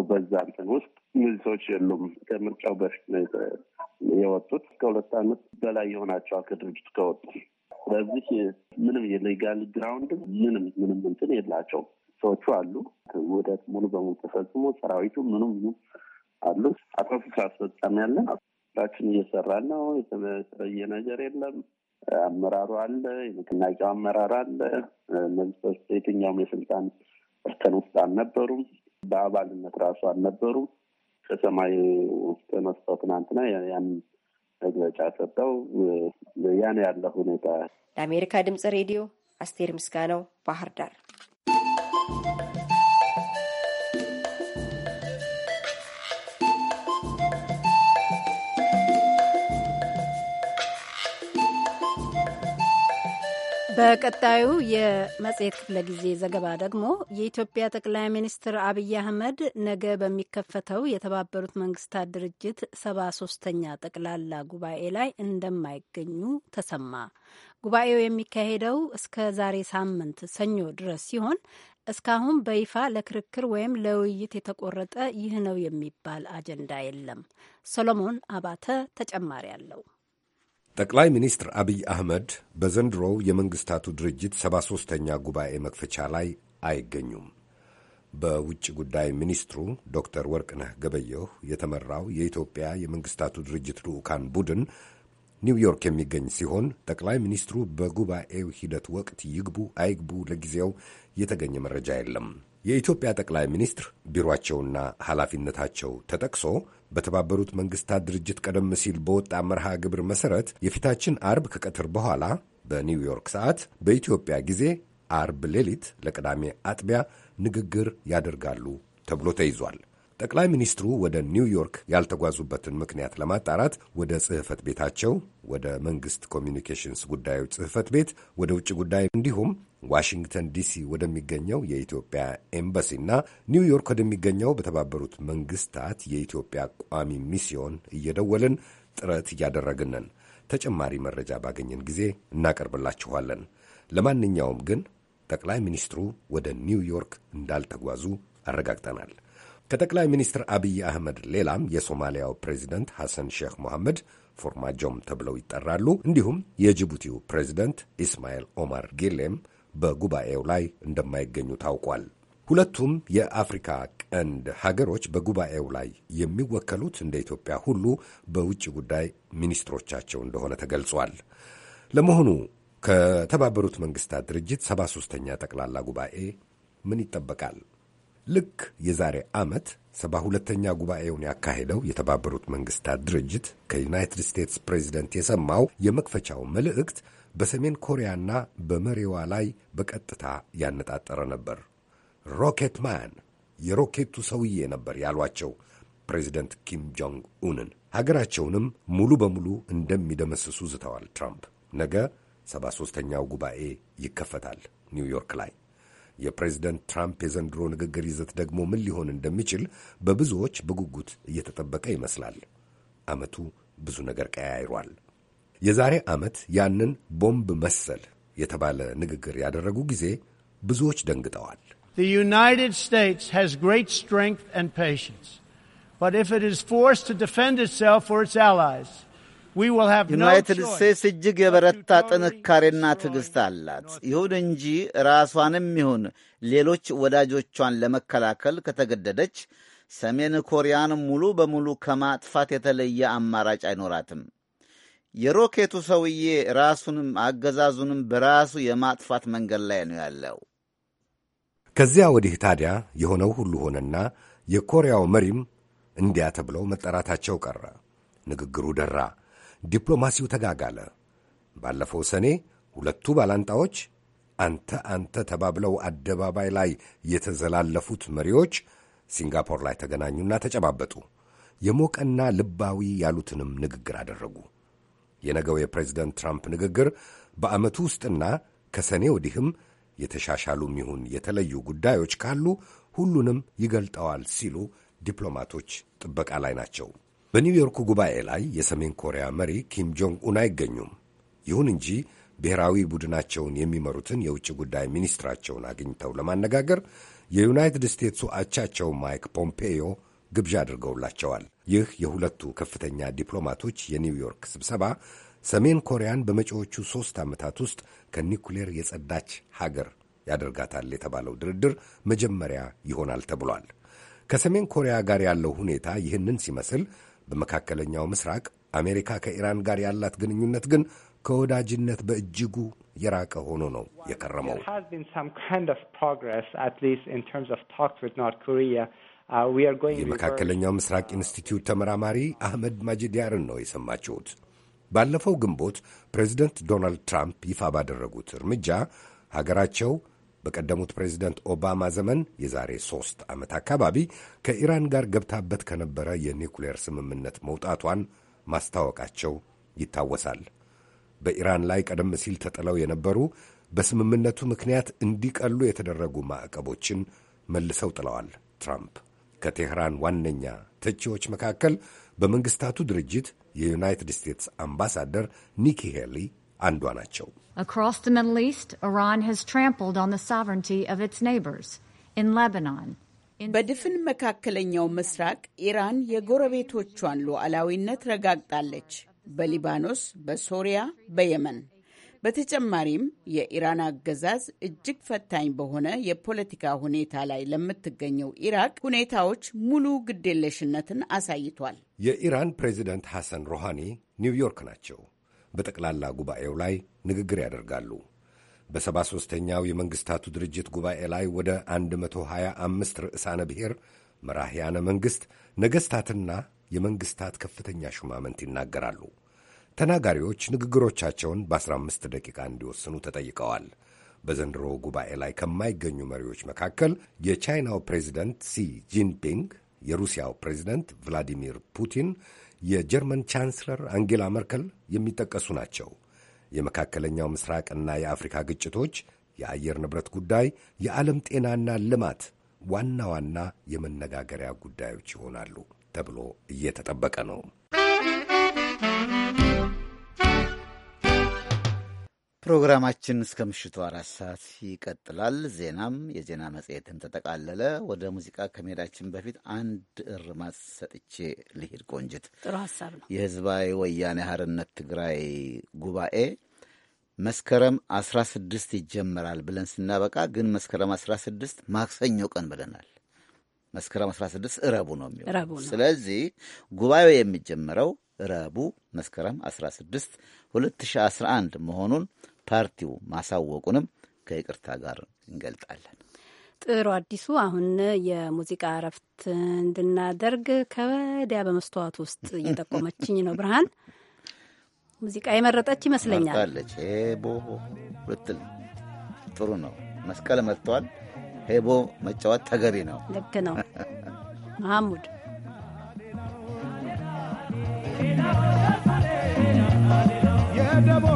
በዛ እንትን ውስጥ ምልሶች የሉም። ከምርጫው በፊት ነው የወጡት። ከሁለት ዓመት በላይ የሆናቸዋል ከድርጅቱ ከወጡ። ስለዚህ ምንም የሌጋል ግራውንድ ምንም ምንም እንትን የላቸውም። ሰዎቹ አሉ። ውህደት ሙሉ በሙሉ ተፈጽሞ ሰራዊቱ ምኑ ምኑ አሉ። አቶፊስ ፊት አስፈጻሚ ያለን ስራችን እየሰራን ነው። የተለየ ነገር የለም። አመራሩ አለ፣ የንቅናቄው አመራር አለ። እነዚህ የትኛውም የስልጣን እርከን ውስጥ አልነበሩም። በአባልነት ራሱ አልነበሩም። ከሰማይ ተነስተው ትናንትና ያን መግለጫ ሰጠው። ያን ያለ ሁኔታ። ለአሜሪካ ድምፅ ሬዲዮ አስቴር ምስጋናው ባህር ዳር በቀጣዩ የመጽሔት ክፍለ ጊዜ ዘገባ ደግሞ የኢትዮጵያ ጠቅላይ ሚኒስትር አብይ አህመድ ነገ በሚከፈተው የተባበሩት መንግስታት ድርጅት ሰባ ሶስተኛ ጠቅላላ ጉባኤ ላይ እንደማይገኙ ተሰማ። ጉባኤው የሚካሄደው እስከ ዛሬ ሳምንት ሰኞ ድረስ ሲሆን እስካሁን በይፋ ለክርክር ወይም ለውይይት የተቆረጠ ይህ ነው የሚባል አጀንዳ የለም። ሰሎሞን አባተ ተጨማሪ አለው። ጠቅላይ ሚኒስትር አብይ አህመድ በዘንድሮው የመንግሥታቱ ድርጅት ሰባ ሦስተኛ ጉባኤ መክፈቻ ላይ አይገኙም። በውጭ ጉዳይ ሚኒስትሩ ዶክተር ወርቅነህ ገበየሁ የተመራው የኢትዮጵያ የመንግሥታቱ ድርጅት ልዑካን ቡድን ኒውዮርክ የሚገኝ ሲሆን ጠቅላይ ሚኒስትሩ በጉባኤው ሂደት ወቅት ይግቡ አይግቡ ለጊዜው የተገኘ መረጃ የለም። የኢትዮጵያ ጠቅላይ ሚኒስትር ቢሮአቸውና ኃላፊነታቸው ተጠቅሶ በተባበሩት መንግስታት ድርጅት ቀደም ሲል በወጣ መርሃ ግብር መሰረት የፊታችን አርብ ከቀትር በኋላ በኒውዮርክ ሰዓት በኢትዮጵያ ጊዜ አርብ ሌሊት ለቅዳሜ አጥቢያ ንግግር ያደርጋሉ ተብሎ ተይዟል። ጠቅላይ ሚኒስትሩ ወደ ኒውዮርክ ያልተጓዙበትን ምክንያት ለማጣራት ወደ ጽህፈት ቤታቸው፣ ወደ መንግስት ኮሚኒኬሽንስ ጉዳዮች ጽህፈት ቤት፣ ወደ ውጭ ጉዳይ እንዲሁም ዋሽንግተን ዲሲ ወደሚገኘው የኢትዮጵያ ኤምባሲና ኒውዮርክ ወደሚገኘው በተባበሩት መንግስታት የኢትዮጵያ ቋሚ ሚስዮን እየደወልን ጥረት እያደረግንን ተጨማሪ መረጃ ባገኘን ጊዜ እናቀርብላችኋለን። ለማንኛውም ግን ጠቅላይ ሚኒስትሩ ወደ ኒውዮርክ እንዳልተጓዙ አረጋግጠናል። ከጠቅላይ ሚኒስትር አብይ አህመድ ሌላም የሶማሊያው ፕሬዚደንት ሐሰን ሼህ ሞሐመድ ፎርማጆም ተብለው ይጠራሉ። እንዲሁም የጅቡቲው ፕሬዚደንት ኢስማኤል ኦማር ጌሌም በጉባኤው ላይ እንደማይገኙ ታውቋል። ሁለቱም የአፍሪካ ቀንድ ሀገሮች በጉባኤው ላይ የሚወከሉት እንደ ኢትዮጵያ ሁሉ በውጭ ጉዳይ ሚኒስትሮቻቸው እንደሆነ ተገልጿል። ለመሆኑ ከተባበሩት መንግስታት ድርጅት ሰባ ሦስተኛ ጠቅላላ ጉባኤ ምን ይጠበቃል? ልክ የዛሬ ዓመት ሰባ ሁለተኛ ጉባኤውን ያካሄደው የተባበሩት መንግስታት ድርጅት ከዩናይትድ ስቴትስ ፕሬዚደንት የሰማው የመክፈቻው መልእክት በሰሜን ኮሪያና በመሪዋ ላይ በቀጥታ ያነጣጠረ ነበር። ሮኬት ማን የሮኬቱ ሰውዬ ነበር ያሏቸው ፕሬዚደንት ኪም ጆንግ ኡንን ሀገራቸውንም ሙሉ በሙሉ እንደሚደመስሱ ዝተዋል ትራምፕ። ነገ ሰባ ሦስተኛው ጉባኤ ይከፈታል ኒውዮርክ ላይ። የፕሬዚደንት ትራምፕ የዘንድሮ ንግግር ይዘት ደግሞ ምን ሊሆን እንደሚችል በብዙዎች በጉጉት እየተጠበቀ ይመስላል። ዓመቱ ብዙ ነገር ቀያይሯል። የዛሬ ዓመት ያንን ቦምብ መሰል የተባለ ንግግር ያደረጉ ጊዜ ብዙዎች ደንግጠዋል። ዩናይትድ ስቴትስ ሃዝ ግሬት ስትሬንግዝ ኤንድ ፔሽንስ በት ኢፍ ኢት ኢዝ ፎርስድ ዩናይትድ ስቴትስ እጅግ የበረታ ጥንካሬና ትዕግሥት አላት። ይሁን እንጂ ራሷንም ይሁን ሌሎች ወዳጆቿን ለመከላከል ከተገደደች ሰሜን ኮሪያን ሙሉ በሙሉ ከማጥፋት የተለየ አማራጭ አይኖራትም። የሮኬቱ ሰውዬ ራሱንም አገዛዙንም በራሱ የማጥፋት መንገድ ላይ ነው ያለው። ከዚያ ወዲህ ታዲያ የሆነው ሁሉ ሆነና የኮሪያው መሪም እንዲያ ተብለው መጠራታቸው ቀረ። ንግግሩ ደራ፣ ዲፕሎማሲው ተጋጋለ። ባለፈው ሰኔ ሁለቱ ባላንጣዎች አንተ አንተ ተባብለው አደባባይ ላይ የተዘላለፉት መሪዎች ሲንጋፖር ላይ ተገናኙና ተጨባበጡ። የሞቀና ልባዊ ያሉትንም ንግግር አደረጉ። የነገው የፕሬዝደንት ትራምፕ ንግግር በዓመቱ ውስጥና ከሰኔ ወዲህም የተሻሻሉም ይሁን የተለዩ ጉዳዮች ካሉ ሁሉንም ይገልጠዋል ሲሉ ዲፕሎማቶች ጥበቃ ላይ ናቸው። በኒውዮርኩ ጉባኤ ላይ የሰሜን ኮሪያ መሪ ኪም ጆንግ ኡን አይገኙም። ይሁን እንጂ ብሔራዊ ቡድናቸውን የሚመሩትን የውጭ ጉዳይ ሚኒስትራቸውን አግኝተው ለማነጋገር የዩናይትድ ስቴትሱ አቻቸው ማይክ ፖምፔዮ ግብዣ አድርገውላቸዋል። ይህ የሁለቱ ከፍተኛ ዲፕሎማቶች የኒውዮርክ ስብሰባ ሰሜን ኮሪያን በመጪዎቹ ሦስት ዓመታት ውስጥ ከኒኩሌር የጸዳች ሀገር ያደርጋታል የተባለው ድርድር መጀመሪያ ይሆናል ተብሏል። ከሰሜን ኮሪያ ጋር ያለው ሁኔታ ይህንን ሲመስል፣ በመካከለኛው ምስራቅ አሜሪካ ከኢራን ጋር ያላት ግንኙነት ግን ከወዳጅነት በእጅጉ የራቀ ሆኖ ነው የከረመው። Uh, የመካከለኛው ምስራቅ ኢንስቲትዩት ተመራማሪ አህመድ ማጅዲያርን ነው የሰማችሁት። ባለፈው ግንቦት ፕሬዚደንት ዶናልድ ትራምፕ ይፋ ባደረጉት እርምጃ ሀገራቸው በቀደሙት ፕሬዚደንት ኦባማ ዘመን የዛሬ ሦስት ዓመት አካባቢ ከኢራን ጋር ገብታበት ከነበረ የኒውክሌር ስምምነት መውጣቷን ማስታወቃቸው ይታወሳል። በኢራን ላይ ቀደም ሲል ተጥለው የነበሩ በስምምነቱ ምክንያት እንዲቀሉ የተደረጉ ማዕቀቦችን መልሰው ጥለዋል ትራምፕ ከቴህራን ዋነኛ ተቺዎች መካከል በመንግስታቱ ድርጅት የዩናይትድ ስቴትስ አምባሳደር ኒኪ ሄሊ አንዷ ናቸው። Across the Middle East, Iran has trampled on the sovereignty of its neighbors. In Lebanon, በድፍን መካከለኛው ምስራቅ ኢራን የጎረቤቶቿን ሉዓላዊነት ረጋግጣለች። በሊባኖስ፣ በሶሪያ፣ በየመን በተጨማሪም የኢራን አገዛዝ እጅግ ፈታኝ በሆነ የፖለቲካ ሁኔታ ላይ ለምትገኘው ኢራቅ ሁኔታዎች ሙሉ ግዴለሽነትን አሳይቷል። የኢራን ፕሬዚደንት ሐሰን ሮሃኒ ኒውዮርክ ናቸው። በጠቅላላ ጉባኤው ላይ ንግግር ያደርጋሉ። በሰባ ሦስተኛው የመንግሥታቱ ድርጅት ጉባኤ ላይ ወደ 125 ርዕሳነ ብሔር መራህያነ መንግሥት ነገሥታትና የመንግሥታት ከፍተኛ ሹማምንት ይናገራሉ። ተናጋሪዎች ንግግሮቻቸውን በ15 ደቂቃ እንዲወስኑ ተጠይቀዋል። በዘንድሮ ጉባኤ ላይ ከማይገኙ መሪዎች መካከል የቻይናው ፕሬዚደንት ሲ ጂንፒንግ፣ የሩሲያው ፕሬዚደንት ቭላዲሚር ፑቲን፣ የጀርመን ቻንስለር አንጌላ መርከል የሚጠቀሱ ናቸው። የመካከለኛው ምስራቅና የአፍሪካ ግጭቶች፣ የአየር ንብረት ጉዳይ፣ የዓለም ጤናና ልማት ዋና ዋና የመነጋገሪያ ጉዳዮች ይሆናሉ ተብሎ እየተጠበቀ ነው። ፕሮግራማችን እስከ ምሽቱ አራት ሰዓት ይቀጥላል። ዜናም የዜና መጽሔትም ተጠቃለለ። ወደ ሙዚቃ ከመሄዳችን በፊት አንድ እርማት ሰጥቼ ልሂድ። ቆንጅት፣ ጥሩ ሀሳብ ነው። የህዝባዊ ወያኔ ሀርነት ትግራይ ጉባኤ መስከረም 16 ይጀመራል ብለን ስናበቃ ግን መስከረም 16 ማክሰኞ ቀን ብለናል። መስከረም 16 እረቡ ነው የሚሆነው። ስለዚህ ጉባኤው የሚጀምረው ረቡ መስከረም 16 2011 መሆኑን ፓርቲው ማሳወቁንም ከይቅርታ ጋር እንገልጣለን። ጥሩ አዲሱ፣ አሁን የሙዚቃ እረፍት እንድናደርግ ከወዲያ በመስተዋት ውስጥ እየጠቆመችኝ ነው ብርሃን። ሙዚቃ የመረጠች ይመስለኛል። ታለች ሄቦ ብትል ጥሩ ነው። መስቀል መጥቷል። ሄቦ መጫወት ተገቢ ነው። ልክ ነው መሐሙድ የደቦ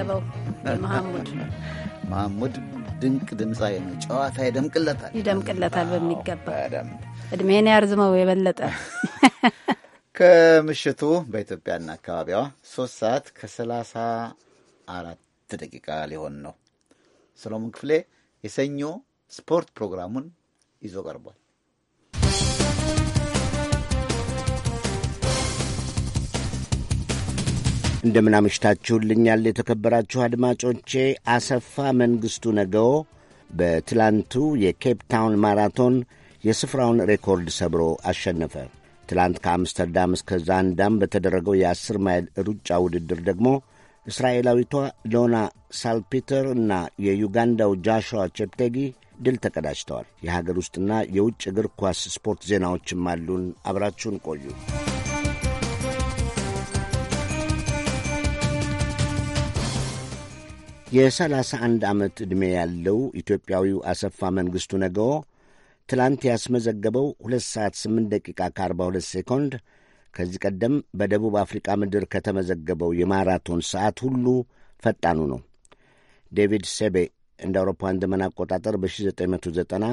የምንመገበው። መሐሙድ መሐሙድ ድንቅ ድምፃዊ ነው። ጨዋታ ይደምቅለታል ይደምቅለታል በሚገባ እድሜን ያርዝመው የበለጠ ከምሽቱ በኢትዮጵያና አካባቢዋ ሶስት ሰዓት ከሰላሳ አራት ደቂቃ ሊሆን ነው። ሰሎሞን ክፍሌ የሰኞ ስፖርት ፕሮግራሙን ይዞ ቀርቧል። እንደምናመሽታችሁልኛል የተከበራችሁ አድማጮቼ። አሰፋ መንግሥቱ ነገዎ በትላንቱ የኬፕ ታውን ማራቶን የስፍራውን ሬኮርድ ሰብሮ አሸነፈ። ትላንት ከአምስተርዳም እስከ ዛንዳም በተደረገው የአስር ማይል ሩጫ ውድድር ደግሞ እስራኤላዊቷ ሎና ሳልፒተር እና የዩጋንዳው ጃሽዋ ቼፕቴጊ ድል ተቀዳጅተዋል። የሀገር ውስጥና የውጭ እግር ኳስ ስፖርት ዜናዎችም አሉን። አብራችሁን ቆዩ። የ31 ዓመት ዕድሜ ያለው ኢትዮጵያዊው አሰፋ መንግሥቱ ነገዎ ትላንት ያስመዘገበው 2 ሰዓት 8 ደቂቃ ከ42 ሴኮንድ ከዚህ ቀደም በደቡብ አፍሪቃ ምድር ከተመዘገበው የማራቶን ሰዓት ሁሉ ፈጣኑ ነው። ዴቪድ ሴቤ እንደ አውሮፓውያን ዘመን አቆጣጠር በ1990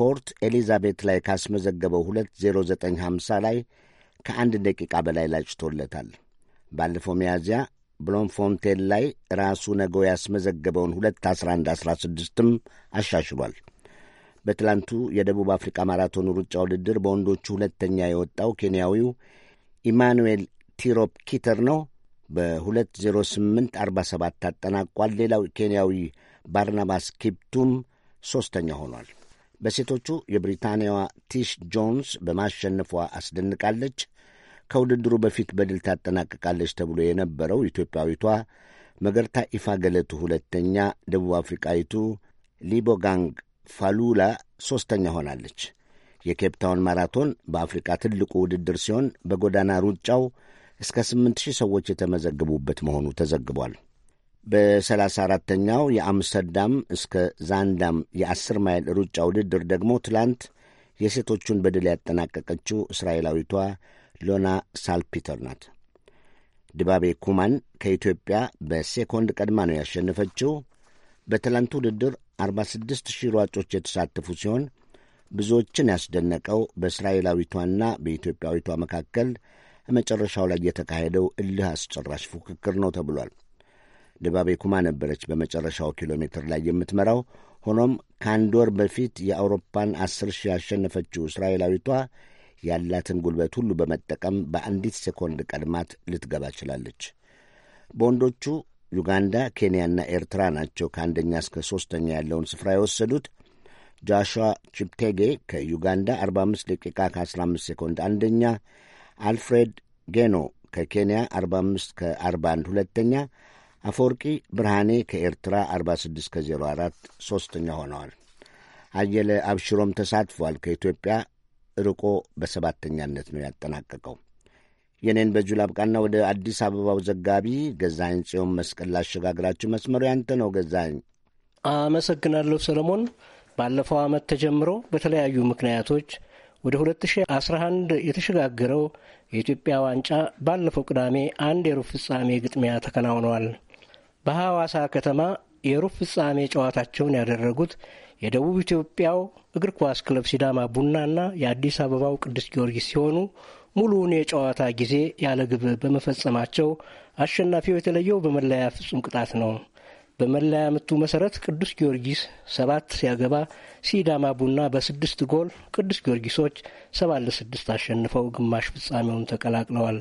ፖርት ኤሊዛቤት ላይ ካስመዘገበው 20950 ላይ ከአንድ ደቂቃ በላይ ላጭቶለታል። ባለፈው ሚያዝያ ብሎምፎንቴን ላይ ራሱ ነገ ያስመዘገበውን ሁለት ም አሻሽሏል። በትላንቱ የደቡብ አፍሪካ ማራቶን ሩጫ ውድድር በወንዶቹ ሁለተኛ የወጣው ኬንያዊው ኢማኑኤል ቲሮፕ ኪተር ነው። በ20847 አጠናቋል። ሌላው ኬንያዊ ባርናባስ ኪፕቱም ሦስተኛ ሆኗል። በሴቶቹ የብሪታንያዋ ቲሽ ጆንስ በማሸነፏ አስደንቃለች። ከውድድሩ በፊት በድል ታጠናቅቃለች ተብሎ የነበረው ኢትዮጵያዊቷ መገርታ ኢፋ ገለቱ ሁለተኛ፣ ደቡብ አፍሪቃዊቱ ሊቦጋንግ ፋሉላ ሦስተኛ ሆናለች። የኬፕታውን ማራቶን በአፍሪቃ ትልቁ ውድድር ሲሆን በጎዳና ሩጫው እስከ ሺህ ሰዎች የተመዘገቡበት መሆኑ ተዘግቧል። በ34ተኛው የአምስተርዳም እስከ ዛንዳም የ10 ማይል ሩጫ ውድድር ደግሞ ትላንት የሴቶቹን በድል ያጠናቀቀችው እስራኤላዊቷ ሎና ሳልፒተር ናት። ድባቤ ኩማን ከኢትዮጵያ በሴኮንድ ቀድማ ነው ያሸነፈችው። በትላንቱ ውድድር 46 ሺህ ሯጮች የተሳተፉ ሲሆን ብዙዎችን ያስደነቀው በእስራኤላዊቷና በኢትዮጵያዊቷ መካከል መጨረሻው ላይ የተካሄደው እልህ አስጨራሽ ፉክክር ነው ተብሏል። ድባቤ ኩማ ነበረች በመጨረሻው ኪሎ ሜትር ላይ የምትመራው። ሆኖም ከአንድ ወር በፊት የአውሮፓን 10 ሺህ ያሸነፈችው እስራኤላዊቷ ያላትን ጉልበት ሁሉ በመጠቀም በአንዲት ሴኮንድ ቀድማት ልትገባ ችላለች። በወንዶቹ ዩጋንዳ፣ ኬንያና ኤርትራ ናቸው ከአንደኛ እስከ ሦስተኛ ያለውን ስፍራ የወሰዱት። ጃሽዋ ቺፕቴጌ ከዩጋንዳ 45 ደቂቃ ከ15 ሴኮንድ አንደኛ፣ አልፍሬድ ጌኖ ከኬንያ 45 ከ41 ሁለተኛ፣ አፈወርቂ ብርሃኔ ከኤርትራ 46 ከ04 ሦስተኛ ሆነዋል። አየለ አብሽሮም ተሳትፏል። ከኢትዮጵያ ርቆ በሰባተኛነት ነው ያጠናቀቀው። የኔን በጁ ላብቃና ወደ አዲስ አበባው ዘጋቢ ገዛኝ ጽዮን መስቀል ላሸጋግራችሁ። መስመሩ ያንተ ነው ገዛኝ አመሰግናለሁ ሰለሞን። ባለፈው ዓመት ተጀምሮ በተለያዩ ምክንያቶች ወደ 2011 የተሸጋገረው የኢትዮጵያ ዋንጫ ባለፈው ቅዳሜ አንድ የሩብ ፍጻሜ ግጥሚያ ተከናውነዋል። በሐዋሳ ከተማ የሩብ ፍጻሜ ጨዋታቸውን ያደረጉት የደቡብ ኢትዮጵያው እግር ኳስ ክለብ ሲዳማ ቡናና የአዲስ አበባው ቅዱስ ጊዮርጊስ ሲሆኑ ሙሉውን የጨዋታ ጊዜ ያለ ግብ በመፈጸማቸው አሸናፊው የተለየው በመለያ ፍጹም ቅጣት ነው። በመለያ ምቱ መሰረት ቅዱስ ጊዮርጊስ ሰባት ሲያገባ ሲዳማ ቡና በስድስት ጎል፣ ቅዱስ ጊዮርጊሶች ሰባት ለስድስት አሸንፈው ግማሽ ፍጻሜውን ተቀላቅለዋል።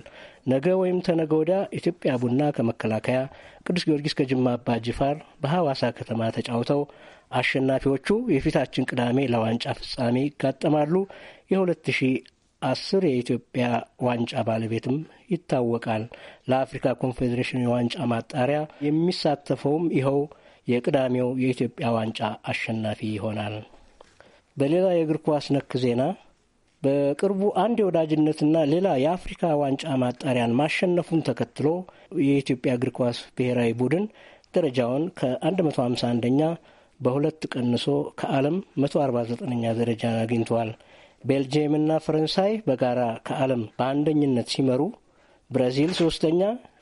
ነገ ወይም ተነገ ወዲያ ኢትዮጵያ ቡና ከመከላከያ፣ ቅዱስ ጊዮርጊስ ከጅማ አባ ጅፋር በሐዋሳ ከተማ ተጫውተው አሸናፊዎቹ የፊታችን ቅዳሜ ለዋንጫ ፍጻሜ ይጋጠማሉ። የ2010 የኢትዮጵያ ዋንጫ ባለቤትም ይታወቃል። ለአፍሪካ ኮንፌዴሬሽን የዋንጫ ማጣሪያ የሚሳተፈውም ይኸው የቅዳሜው የኢትዮጵያ ዋንጫ አሸናፊ ይሆናል። በሌላ የእግር ኳስ ነክ ዜና በቅርቡ አንድ የወዳጅነትና ሌላ የአፍሪካ ዋንጫ ማጣሪያን ማሸነፉን ተከትሎ የኢትዮጵያ እግር ኳስ ብሔራዊ ቡድን ደረጃውን ከ151ኛ በሁለት ቀንሶ ከዓለም 149ኛ ደረጃን አግኝተዋል። ቤልጅየምና ፈረንሳይ በጋራ ከዓለም በአንደኝነት ሲመሩ፣ ብራዚል ሶስተኛ፣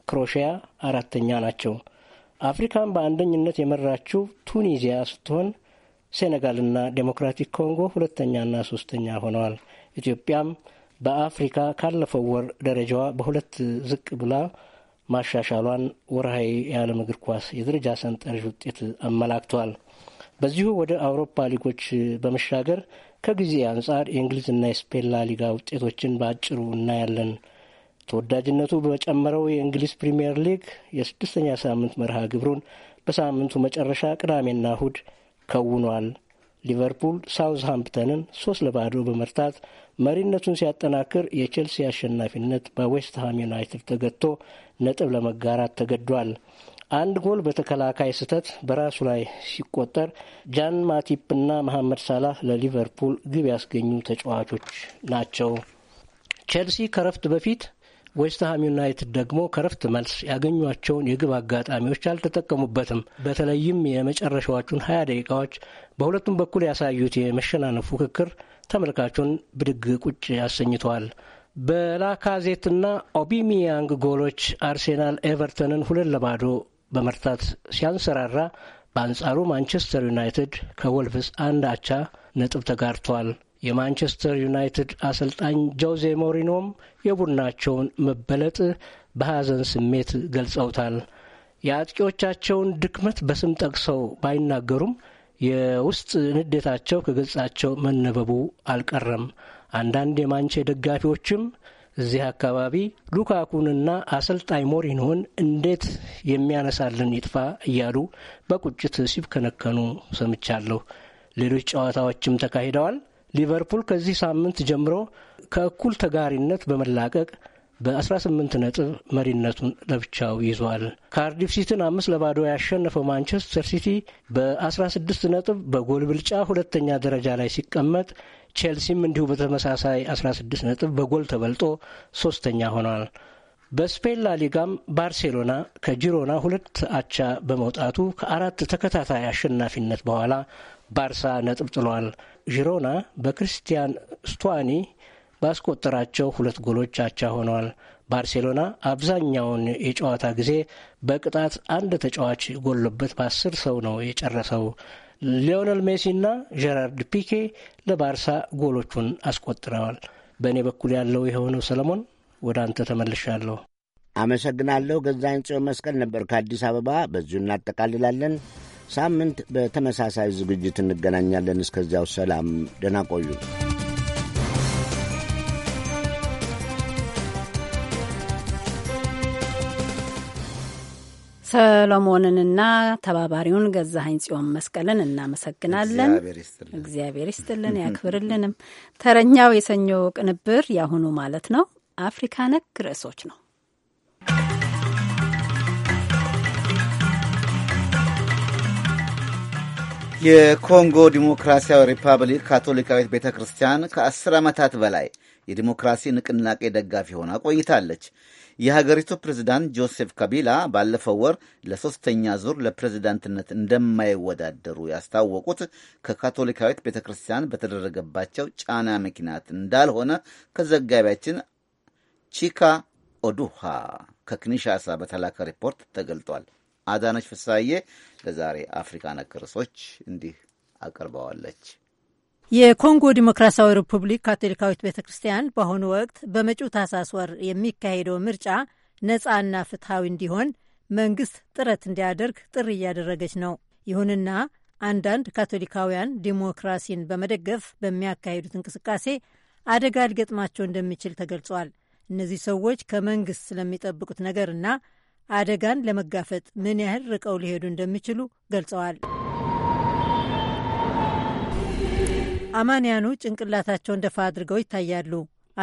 ክሮሽያ አራተኛ ናቸው። አፍሪካን በአንደኝነት የመራችው ቱኒዚያ ስትሆን ሴኔጋልና ዴሞክራቲክ ኮንጎ ሁለተኛና ሶስተኛ ሆነዋል። ኢትዮጵያም በአፍሪካ ካለፈው ወር ደረጃዋ በሁለት ዝቅ ብላ ማሻሻሏን ወርሃዊ የዓለም እግር ኳስ የደረጃ ሰንጠረዥ ውጤት አመላክቷል። በዚሁ ወደ አውሮፓ ሊጎች በመሻገር ከጊዜ አንጻር የእንግሊዝና የስፔን ላሊጋ ውጤቶችን በአጭሩ እናያለን። ተወዳጅነቱ በጨመረው የእንግሊዝ ፕሪምየር ሊግ የስድስተኛ ሳምንት መርሃ ግብሩን በሳምንቱ መጨረሻ ቅዳሜና እሁድ ከውኗል። ሊቨርፑል ሳውዝ ሃምፕተንን ሶስት ለባዶ በመርታት መሪነቱን ሲያጠናክር የቼልሲ አሸናፊነት በዌስትሃም ዩናይትድ ተገጥቶ ነጥብ ለመጋራት ተገዷል። አንድ ጎል በተከላካይ ስህተት በራሱ ላይ ሲቆጠር ጃን ማቲፕና መሐመድ ሳላህ ለሊቨርፑል ግብ ያስገኙ ተጫዋቾች ናቸው። ቼልሲ ከረፍት በፊት ዌስትሃም ዩናይትድ ደግሞ ከረፍት መልስ ያገኟቸውን የግብ አጋጣሚዎች አልተጠቀሙበትም። በተለይም የመጨረሻዎቹን ሀያ ደቂቃዎች በሁለቱም በኩል ያሳዩት የመሸናነፍ ፉክክር ተመልካቹን ብድግ ቁጭ አሰኝተዋል። በላካዜትና ኦቢሚያንግ ጎሎች አርሴናል ኤቨርተንን ሁለት ለባዶ በመርታት ሲያንሰራራ፣ በአንጻሩ ማንቸስተር ዩናይትድ ከወልቭስ አንድ አቻ ነጥብ ተጋርቷል። የማንቸስተር ዩናይትድ አሰልጣኝ ጆዜ ሞሪኖም የቡድናቸውን መበለጥ በሐዘን ስሜት ገልጸውታል። የአጥቂዎቻቸውን ድክመት በስም ጠቅሰው ባይናገሩም የውስጥ ንዴታቸው ከገጻቸው መነበቡ አልቀረም። አንዳንድ የማንቼ ደጋፊዎችም እዚህ አካባቢ ሉካኩንና አሰልጣኝ ሞሪኖን እንዴት የሚያነሳልን ይጥፋ እያሉ በቁጭት ሲብከነከኑ ሰምቻለሁ። ሌሎች ጨዋታዎችም ተካሂደዋል። ሊቨርፑል ከዚህ ሳምንት ጀምሮ ከእኩል ተጋሪነት በመላቀቅ በ18 ነጥብ መሪነቱን ለብቻው ይዟል። ካርዲፍ ሲቲን አምስት ለባዶ ያሸነፈው ማንቸስተር ሲቲ በ16 ነጥብ በጎል ብልጫ ሁለተኛ ደረጃ ላይ ሲቀመጥ ቼልሲም እንዲሁ በተመሳሳይ 16 ነጥብ በጎል ተበልጦ ሶስተኛ ሆኗል። በስፔን ላሊጋም ባርሴሎና ከጂሮና ሁለት አቻ በመውጣቱ ከአራት ተከታታይ አሸናፊነት በኋላ ባርሳ ነጥብ ጥሏል። ጂሮና በክርስቲያን ስቱዋኒ ባስቆጠራቸው ሁለት ጎሎች አቻ ሆነዋል። ባርሴሎና አብዛኛውን የጨዋታ ጊዜ በቅጣት አንድ ተጫዋች ጎሎበት በአስር ሰው ነው የጨረሰው። ሊዮነል ሜሲና ጀራርድ ፒኬ ለባርሳ ጎሎቹን አስቆጥረዋል። በእኔ በኩል ያለው የሆነው ሰለሞን፣ ወደ አንተ ተመልሻለሁ። አመሰግናለሁ። ገዛኝ ጽዮን መስቀል ነበር ከአዲስ አበባ። በዚሁ እናጠቃልላለን። ሳምንት በተመሳሳይ ዝግጅት እንገናኛለን። እስከዚያው ሰላም፣ ደህና ቆዩ። ሰሎሞንንና ተባባሪውን ገዛሀኝ ጽዮን መስቀልን እናመሰግናለን። እግዚአብሔር ይስጥልን ያክብርልንም። ተረኛው የሰኞ ቅንብር ያሁኑ ማለት ነው አፍሪካ ነክ ርዕሶች ነው። የኮንጎ ዲሞክራሲያዊ ሪፐብሊክ ካቶሊካዊት ቤተ ክርስቲያን ከአስር ዓመታት በላይ የዲሞክራሲ ንቅናቄ ደጋፊ ሆና ቆይታለች። የሀገሪቱ ፕሬዚዳንት ጆሴፍ ካቢላ ባለፈው ወር ለሶስተኛ ዙር ለፕሬዚዳንትነት እንደማይወዳደሩ ያስታወቁት ከካቶሊካዊት ቤተ ክርስቲያን በተደረገባቸው ጫና ምክንያት እንዳልሆነ ከዘጋቢያችን ቺካ ኦዱሃ ከኪንሻሳ በተላከ ሪፖርት ተገልጧል። አዳነች ፍሳዬ ለዛሬ አፍሪካ ነክ ርዕሶች እንዲህ አቅርበዋለች። የኮንጎ ዲሞክራሲያዊ ሪፑብሊክ ካቶሊካዊት ቤተ ክርስቲያን በአሁኑ ወቅት በመጪው ታህሳስ ወር የሚካሄደው ምርጫ ነፃና ፍትሐዊ እንዲሆን መንግስት ጥረት እንዲያደርግ ጥሪ እያደረገች ነው። ይሁንና አንዳንድ ካቶሊካውያን ዲሞክራሲን በመደገፍ በሚያካሂዱት እንቅስቃሴ አደጋ ሊገጥማቸው እንደሚችል ተገልጿል። እነዚህ ሰዎች ከመንግስት ስለሚጠብቁት ነገርና አደጋን ለመጋፈጥ ምን ያህል ርቀው ሊሄዱ እንደሚችሉ ገልጸዋል። አማንያኑ ጭንቅላታቸውን ደፋ አድርገው ይታያሉ፣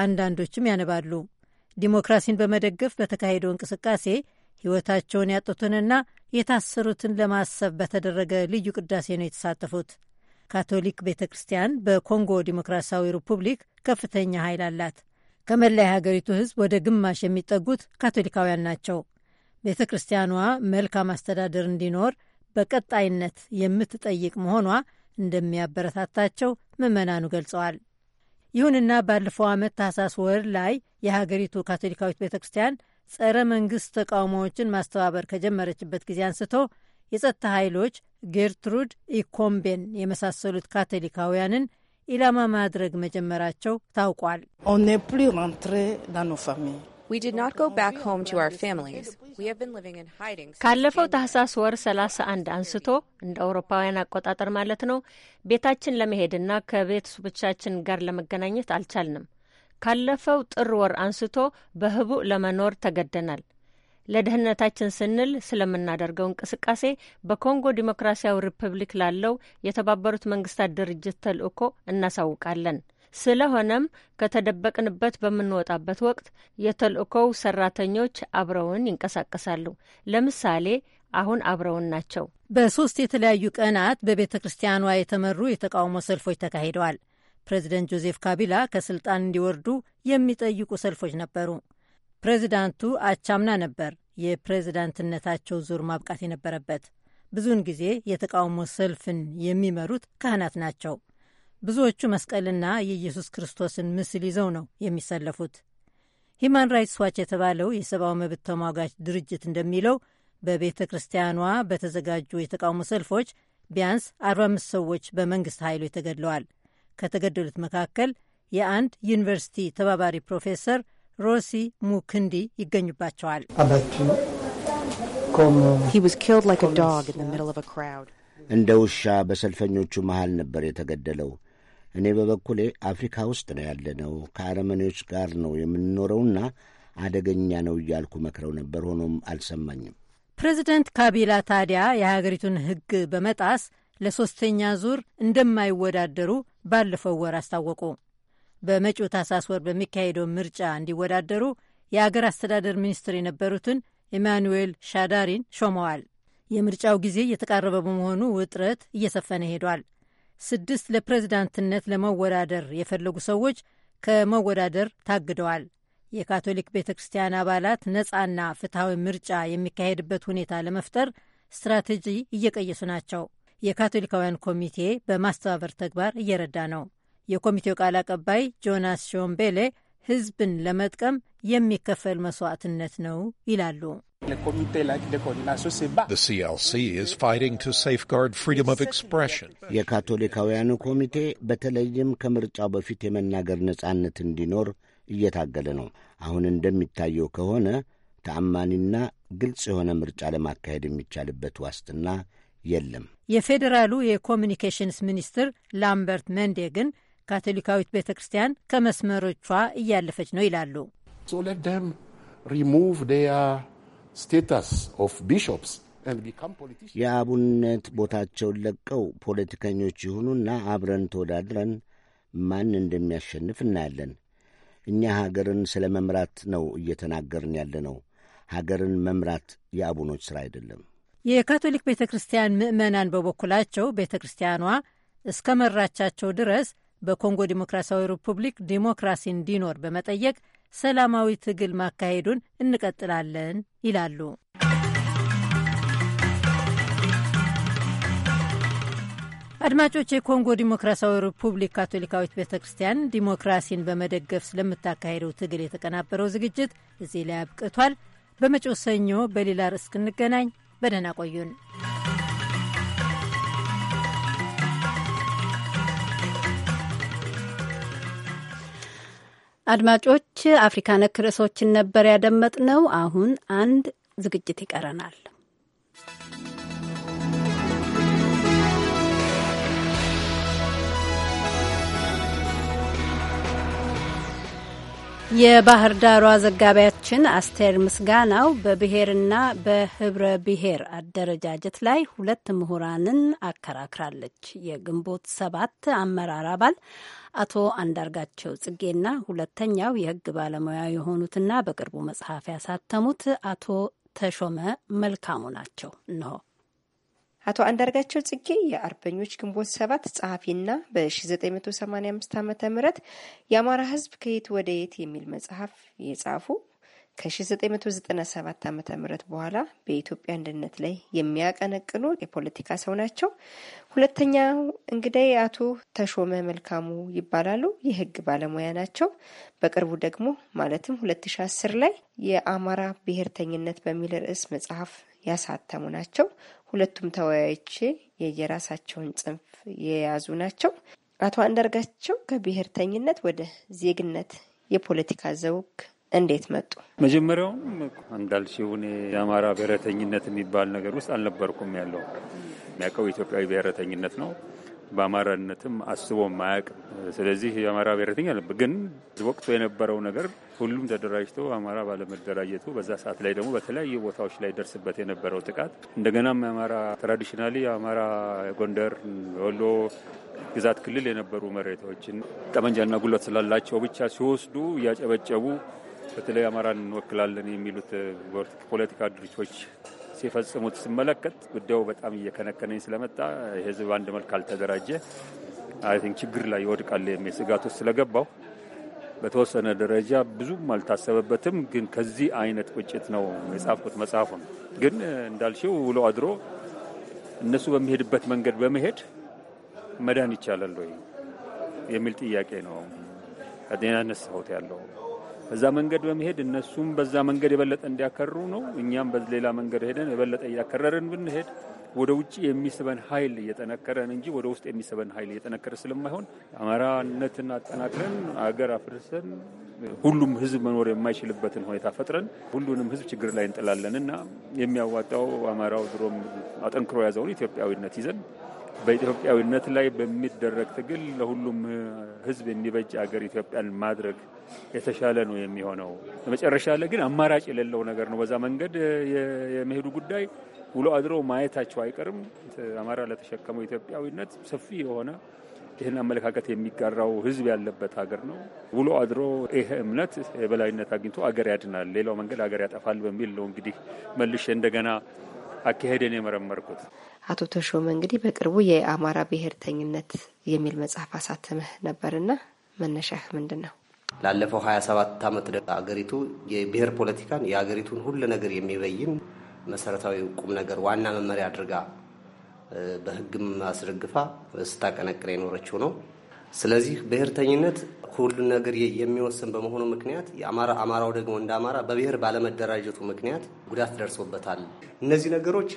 አንዳንዶችም ያነባሉ። ዲሞክራሲን በመደገፍ በተካሄደው እንቅስቃሴ ሕይወታቸውን ያጡትንና የታሰሩትን ለማሰብ በተደረገ ልዩ ቅዳሴ ነው የተሳተፉት። ካቶሊክ ቤተ ክርስቲያን በኮንጎ ዲሞክራሲያዊ ሪፑብሊክ ከፍተኛ ኃይል አላት። ከመላ የሀገሪቱ ሕዝብ ወደ ግማሽ የሚጠጉት ካቶሊካውያን ናቸው። ቤተ ክርስቲያኗ መልካም አስተዳደር እንዲኖር በቀጣይነት የምትጠይቅ መሆኗ እንደሚያበረታታቸው ምዕመናኑ ገልጸዋል። ይሁንና ባለፈው ዓመት ታህሳስ ወር ላይ የሀገሪቱ ካቶሊካዊት ቤተ ክርስቲያን ጸረ መንግሥት ተቃውሞዎችን ማስተባበር ከጀመረችበት ጊዜ አንስቶ የጸጥታ ኃይሎች ጌርትሩድ ኢኮምቤን የመሳሰሉት ካቶሊካውያንን ኢላማ ማድረግ መጀመራቸው ታውቋል። ካለፈው ታህሳስ ወር ሰላሳ አንድ አንስቶ እንደ አውሮፓውያን አቆጣጠር ማለት ነው ቤታችን ለመሄድና ከቤተሰቦቻችን ጋር ለመገናኘት አልቻልንም። ካለፈው ጥር ወር አንስቶ በህቡ ለመኖር ተገደናል። ለደህንነታችን ስንል ስለምናደርገው እንቅስቃሴ በኮንጎ ዲሞክራሲያዊ ሪፐብሊክ ላለው የተባበሩት መንግስታት ድርጅት ተልእኮ እናሳውቃለን። ስለሆነም ከተደበቅንበት በምንወጣበት ወቅት የተልእኮው ሰራተኞች አብረውን ይንቀሳቀሳሉ። ለምሳሌ አሁን አብረውን ናቸው። በሶስት የተለያዩ ቀናት በቤተ ክርስቲያኗ የተመሩ የተቃውሞ ሰልፎች ተካሂደዋል። ፕሬዚደንት ጆዜፍ ካቢላ ከስልጣን እንዲወርዱ የሚጠይቁ ሰልፎች ነበሩ። ፕሬዚዳንቱ አቻምና ነበር የፕሬዚዳንትነታቸው ዙር ማብቃት የነበረበት። ብዙውን ጊዜ የተቃውሞ ሰልፍን የሚመሩት ካህናት ናቸው። ብዙዎቹ መስቀልና የኢየሱስ ክርስቶስን ምስል ይዘው ነው የሚሰለፉት። ሂማን ራይትስ ዋች የተባለው የሰብአዊ መብት ተሟጋች ድርጅት እንደሚለው በቤተ ክርስቲያኗ በተዘጋጁ የተቃውሞ ሰልፎች ቢያንስ 45 ሰዎች በመንግሥት ኃይሎች ተገድለዋል። ከተገደሉት መካከል የአንድ ዩኒቨርሲቲ ተባባሪ ፕሮፌሰር ሮሲ ሙክንዲ ይገኙባቸዋል። እንደ ውሻ በሰልፈኞቹ መሃል ነበር የተገደለው። እኔ በበኩሌ አፍሪካ ውስጥ ነው ያለነው፣ ከአረመኔዎች ጋር ነው የምንኖረውና አደገኛ ነው እያልኩ መክረው ነበር። ሆኖም አልሰማኝም። ፕሬዚደንት ካቢላ ታዲያ የሀገሪቱን ሕግ በመጣስ ለሶስተኛ ዙር እንደማይወዳደሩ ባለፈው ወር አስታወቁ። በመጪው ታሳስ ወር በሚካሄደው ምርጫ እንዲወዳደሩ የአገር አስተዳደር ሚኒስትር የነበሩትን ኢማኑዌል ሻዳሪን ሾመዋል። የምርጫው ጊዜ እየተቃረበ በመሆኑ ውጥረት እየሰፈነ ሄዷል። ስድስት ለፕሬዝዳንትነት ለመወዳደር የፈለጉ ሰዎች ከመወዳደር ታግደዋል። የካቶሊክ ቤተ ክርስቲያን አባላት ነፃና ፍትሐዊ ምርጫ የሚካሄድበት ሁኔታ ለመፍጠር ስትራቴጂ እየቀየሱ ናቸው። የካቶሊካውያን ኮሚቴ በማስተባበር ተግባር እየረዳ ነው። የኮሚቴው ቃል አቀባይ ጆናስ ሾምቤሌ ህዝብን ለመጥቀም የሚከፈል መስዋዕትነት ነው ይላሉ። የካቶሊካውያኑ ኮሚቴ በተለይም ከምርጫው በፊት የመናገር ነጻነት እንዲኖር እየታገለ ነው። አሁን እንደሚታየው ከሆነ ተአማኒና ግልጽ የሆነ ምርጫ ለማካሄድ የሚቻልበት ዋስትና የለም። የፌዴራሉ የኮሚኒኬሽንስ ሚኒስትር ላምበርት መንዴ ግን ካቶሊካዊት ቤተ ክርስቲያን ከመስመሮቿ እያለፈች ነው ይላሉ። ቢሾፕስ የአቡነት ቦታቸውን ለቀው ፖለቲከኞች ይሁኑና አብረን ተወዳድረን ማን እንደሚያሸንፍ እናያለን። እኛ ሀገርን ስለ መምራት ነው እየተናገርን ያለ ነው። ሀገርን መምራት የአቡኖች ሥራ አይደለም። የካቶሊክ ቤተ ክርስቲያን ምዕመናን በበኩላቸው ቤተ ክርስቲያኗ እስከ መራቻቸው ድረስ በኮንጎ ዲሞክራሲያዊ ሪፑብሊክ ዲሞክራሲ እንዲኖር በመጠየቅ ሰላማዊ ትግል ማካሄዱን እንቀጥላለን ይላሉ። አድማጮች፣ የኮንጎ ዲሞክራሲያዊ ሪፑብሊክ ካቶሊካዊት ቤተ ክርስቲያን ዲሞክራሲን በመደገፍ ስለምታካሄደው ትግል የተቀናበረው ዝግጅት እዚህ ላይ አብቅቷል። በመጪው ሰኞ በሌላ ርዕስ እስክንገናኝ በደህና ቆዩን። አድማጮች፣ አፍሪካ ነክ ርዕሶችን ነበር ያደመጥነው። አሁን አንድ ዝግጅት ይቀረናል። የባህር ዳሯ ዘጋቢያችን አስቴር ምስጋናው በብሔርና በህብረ ብሔር አደረጃጀት ላይ ሁለት ምሁራንን አከራክራለች። የግንቦት ሰባት አመራር አባል አቶ አንዳርጋቸው ጽጌና ሁለተኛው የህግ ባለሙያ የሆኑትና በቅርቡ መጽሐፍ ያሳተሙት አቶ ተሾመ መልካሙ ናቸው። እንሆ አቶ አንዳርጋቸው ጽጌ የአርበኞች ግንቦት ሰባት ጸሐፊና በ1985 ዓ ም የአማራ ህዝብ ከየት ወደ የት የሚል መጽሐፍ የጻፉ ከ1997 ዓ ም በኋላ በኢትዮጵያ አንድነት ላይ የሚያቀነቅኑ የፖለቲካ ሰው ናቸው። ሁለተኛው እንግዳይ አቶ ተሾመ መልካሙ ይባላሉ። የህግ ባለሙያ ናቸው። በቅርቡ ደግሞ ማለትም 2010 ላይ የአማራ ብሔርተኝነት በሚል ርዕስ መጽሐፍ ያሳተሙ ናቸው። ሁለቱም ተወያዮች የየራሳቸውን ጽንፍ የያዙ ናቸው። አቶ አንዳርጋቸው ከብሔርተኝነት ወደ ዜግነት የፖለቲካ ዘውግ እንዴት መጡ? መጀመሪያውም አንዳል ሲሆን የአማራ ብሔረተኝነት የሚባል ነገር ውስጥ አልነበርኩም። ያለው የሚያውቀው ኢትዮጵያዊ ብሔረተኝነት ነው። በአማራነትም አስቦ ማያቅ። ስለዚህ የአማራ ብሔረተኛ ነበር። ግን ወቅቱ የነበረው ነገር ሁሉም ተደራጅቶ አማራ ባለመደራጀቱ በዛ ሰዓት ላይ ደግሞ በተለያዩ ቦታዎች ላይ ደርስበት የነበረው ጥቃት እንደገናም የአማራ ትራዲሽናሊ የአማራ ጎንደር፣ ወሎ ግዛት ክልል የነበሩ መሬቶችን ጠመንጃና ጉልበት ስላላቸው ብቻ ሲወስዱ እያጨበጨቡ በተለይ አማራን እንወክላለን የሚሉት ፖለቲካ ድርጅቶች ሲፈጽሙት ስመለከት ጉዳዩ በጣም እየከነከነኝ ስለመጣ የህዝብ አንድ መልክ አልተደራጀ አይ ችግር ላይ ይወድቃል የሚል ስጋት ውስጥ ስለገባው በተወሰነ ደረጃ ብዙም አልታሰበበትም። ግን ከዚህ አይነት ቁጭት ነው የጻፍኩት ነው። ግን እንዳልሽው ውሎ አድሮ እነሱ በሚሄድበት መንገድ በመሄድ መዳን ይቻላል ወይ የሚል ጥያቄ ነው ያነሳሁት ያለው በዛ መንገድ በመሄድ እነሱም በዛ መንገድ የበለጠ እንዲያከሩ ነው። እኛም በሌላ መንገድ ሄደን የበለጠ እያከረርን ብንሄድ ወደ ውጭ የሚስበን ኃይል እየጠነከረን እንጂ ወደ ውስጥ የሚስበን ኃይል እየጠነከረ ስለማይሆን አማራነትን አጠናክረን አገር አፍርሰን ሁሉም ሕዝብ መኖር የማይችልበትን ሁኔታ ፈጥረን ሁሉንም ሕዝብ ችግር ላይ እንጥላለን እና የሚያዋጣው አማራው ድሮም አጠንክሮ የያዘውን ኢትዮጵያዊነት ይዘን በኢትዮጵያዊነት ላይ በሚደረግ ትግል ለሁሉም ህዝብ የሚበጅ አገር ኢትዮጵያን ማድረግ የተሻለ ነው የሚሆነው። መጨረሻ ላይ ግን አማራጭ የሌለው ነገር ነው። በዛ መንገድ የመሄዱ ጉዳይ ውሎ አድሮ ማየታቸው አይቀርም። አማራ ለተሸከመው ኢትዮጵያዊነት ሰፊ የሆነ ይህን አመለካከት የሚጋራው ህዝብ ያለበት ሀገር ነው። ውሎ አድሮ ይህ እምነት የበላይነት አግኝቶ አገር ያድናል፣ ሌላው መንገድ አገር ያጠፋል በሚል ነው እንግዲህ መልሼ እንደገና አካሄደን የመረመርኩት። አቶ ተሾመ እንግዲህ በቅርቡ የአማራ ብሔርተኝነት የሚል መጽሐፍ አሳተመህ ነበርና መነሻህ ምንድን ነው? ላለፈው 27 ዓመት አገሪቱ የብሔር ፖለቲካን የአገሪቱን ሁሉ ነገር የሚበይን መሰረታዊ ቁም ነገር ዋና መመሪያ አድርጋ በሕግም አስደግፋ ስታቀነቅር የኖረችው ነው። ስለዚህ ብሔርተኝነት ሁሉን ነገር የሚወስን በመሆኑ ምክንያት የአማራ አማራው ደግሞ እንደ አማራ በብሔር ባለመደራጀቱ ምክንያት ጉዳት ደርሶበታል። እነዚህ ነገሮች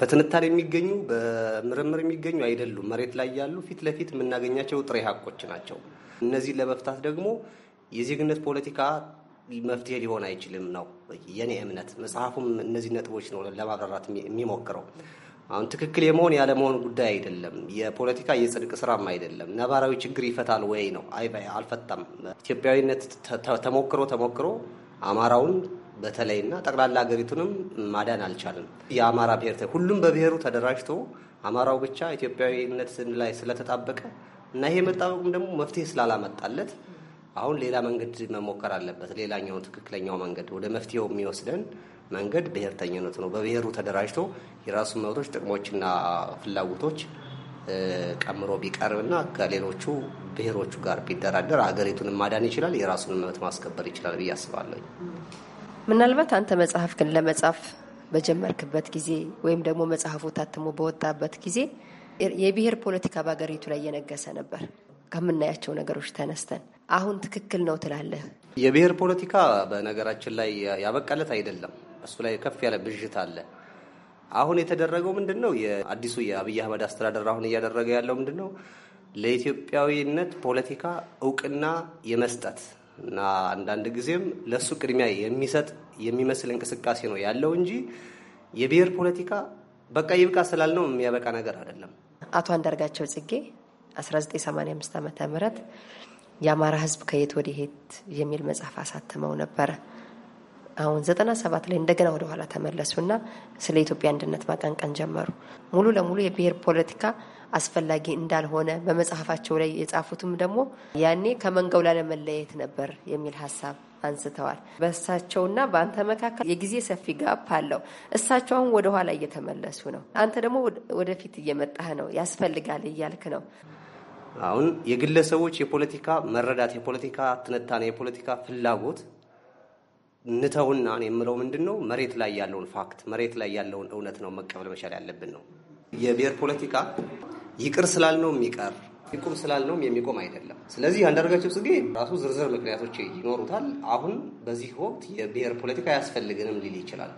በትንታኔ የሚገኙ በምርምር የሚገኙ አይደሉም። መሬት ላይ ያሉ ፊት ለፊት የምናገኛቸው ጥሬ ሀቆች ናቸው። እነዚህን ለመፍታት ደግሞ የዜግነት ፖለቲካ መፍትሄ ሊሆን አይችልም ነው የኔ እምነት። መጽሐፉም እነዚህ ነጥቦች ነው ለማብራራት የሚሞክረው። አሁን ትክክል የመሆን ያለመሆን ጉዳይ አይደለም። የፖለቲካ የጽድቅ ስራም አይደለም። ነባራዊ ችግር ይፈታል ወይ ነው። አይ አልፈታም። ኢትዮጵያዊነት ተሞክሮ ተሞክሮ አማራውን በተለይና ጠቅላላ ሀገሪቱንም ማዳን አልቻለም። የአማራ ብሔር ሁሉም በብሔሩ ተደራጅቶ አማራው ብቻ ኢትዮጵያዊነት ላይ ስለተጣበቀ እና ይሄ መጣበቁም ደግሞ መፍትሄ ስላላመጣለት አሁን ሌላ መንገድ መሞከር አለበት። ሌላኛውን ትክክለኛው መንገድ ወደ መፍትሄው የሚወስደን መንገድ ብሔርተኝነቱ ነው። በብሔሩ ተደራጅቶ የራሱን መብቶች፣ ጥቅሞችና ፍላጎቶች ቀምሮ ቢቀርብና ከሌሎቹ ብሔሮቹ ጋር ቢደራደር ሀገሪቱን ማዳን ይችላል፣ የራሱን መብት ማስከበር ይችላል ብዬ አስባለሁ። ምናልባት አንተ ግን ለመጻፍ በጀመርክበት ጊዜ ወይም ደግሞ መጽሐፉ ታትሞ በወጣበት ጊዜ የብሔር ፖለቲካ በሀገሪቱ ላይ እየነገሰ ነበር። ከምናያቸው ነገሮች ተነስተን አሁን ትክክል ነው ትላለህ? የብሔር ፖለቲካ በነገራችን ላይ ያበቃለት አይደለም። እሱ ላይ ከፍ ያለ ብዥት አለ። አሁን የተደረገው ምንድን ነው? የአዲሱ የአብይ አህመድ አስተዳደር አሁን እያደረገ ያለው ምንድን ነው? ለኢትዮጵያዊነት ፖለቲካ እውቅና የመስጠት እና አንዳንድ ጊዜም ለእሱ ቅድሚያ የሚሰጥ የሚመስል እንቅስቃሴ ነው ያለው እንጂ የብሔር ፖለቲካ በቃ ይብቃ ስላልነው የሚያበቃ ነገር አይደለም። አቶ አንዳርጋቸው ጽጌ 1985 ዓ ም የአማራ ህዝብ ከየት ወደ የሚል መጽሐፍ አሳትመው ነበረ። አሁን 97 ላይ እንደገና ወደ ኋላ ተመለሱና ስለ ኢትዮጵያ አንድነት ማቀንቀን ጀመሩ። ሙሉ ለሙሉ የብሔር ፖለቲካ አስፈላጊ እንዳልሆነ በመጽሐፋቸው ላይ የጻፉትም ደግሞ ያኔ ከመንጋው ላለመለየት ነበር የሚል ሀሳብ አንስተዋል። በእሳቸውና በአንተ መካከል የጊዜ ሰፊ ጋፕ አለው። እሳቸው አሁን ወደኋላ እየተመለሱ ነው፣ አንተ ደግሞ ወደፊት እየመጣህ ነው። ያስፈልጋል እያልክ ነው። አሁን የግለሰቦች የፖለቲካ መረዳት፣ የፖለቲካ ትንታኔ፣ የፖለቲካ ፍላጎት ንተውና የምለው ምንድን ነው፣ መሬት ላይ ያለውን ፋክት፣ መሬት ላይ ያለውን እውነት ነው መቀበል መቻል ያለብን ነው። የብሔር ፖለቲካ ይቅር ስላልነው የሚቀር ይቁም ስላልነውም የሚቆም አይደለም። ስለዚህ አንዳርጋቸው ጽጌ ራሱ ዝርዝር ምክንያቶች ይኖሩታል። አሁን በዚህ ወቅት የብሔር ፖለቲካ አያስፈልግንም ሊል ይችላል።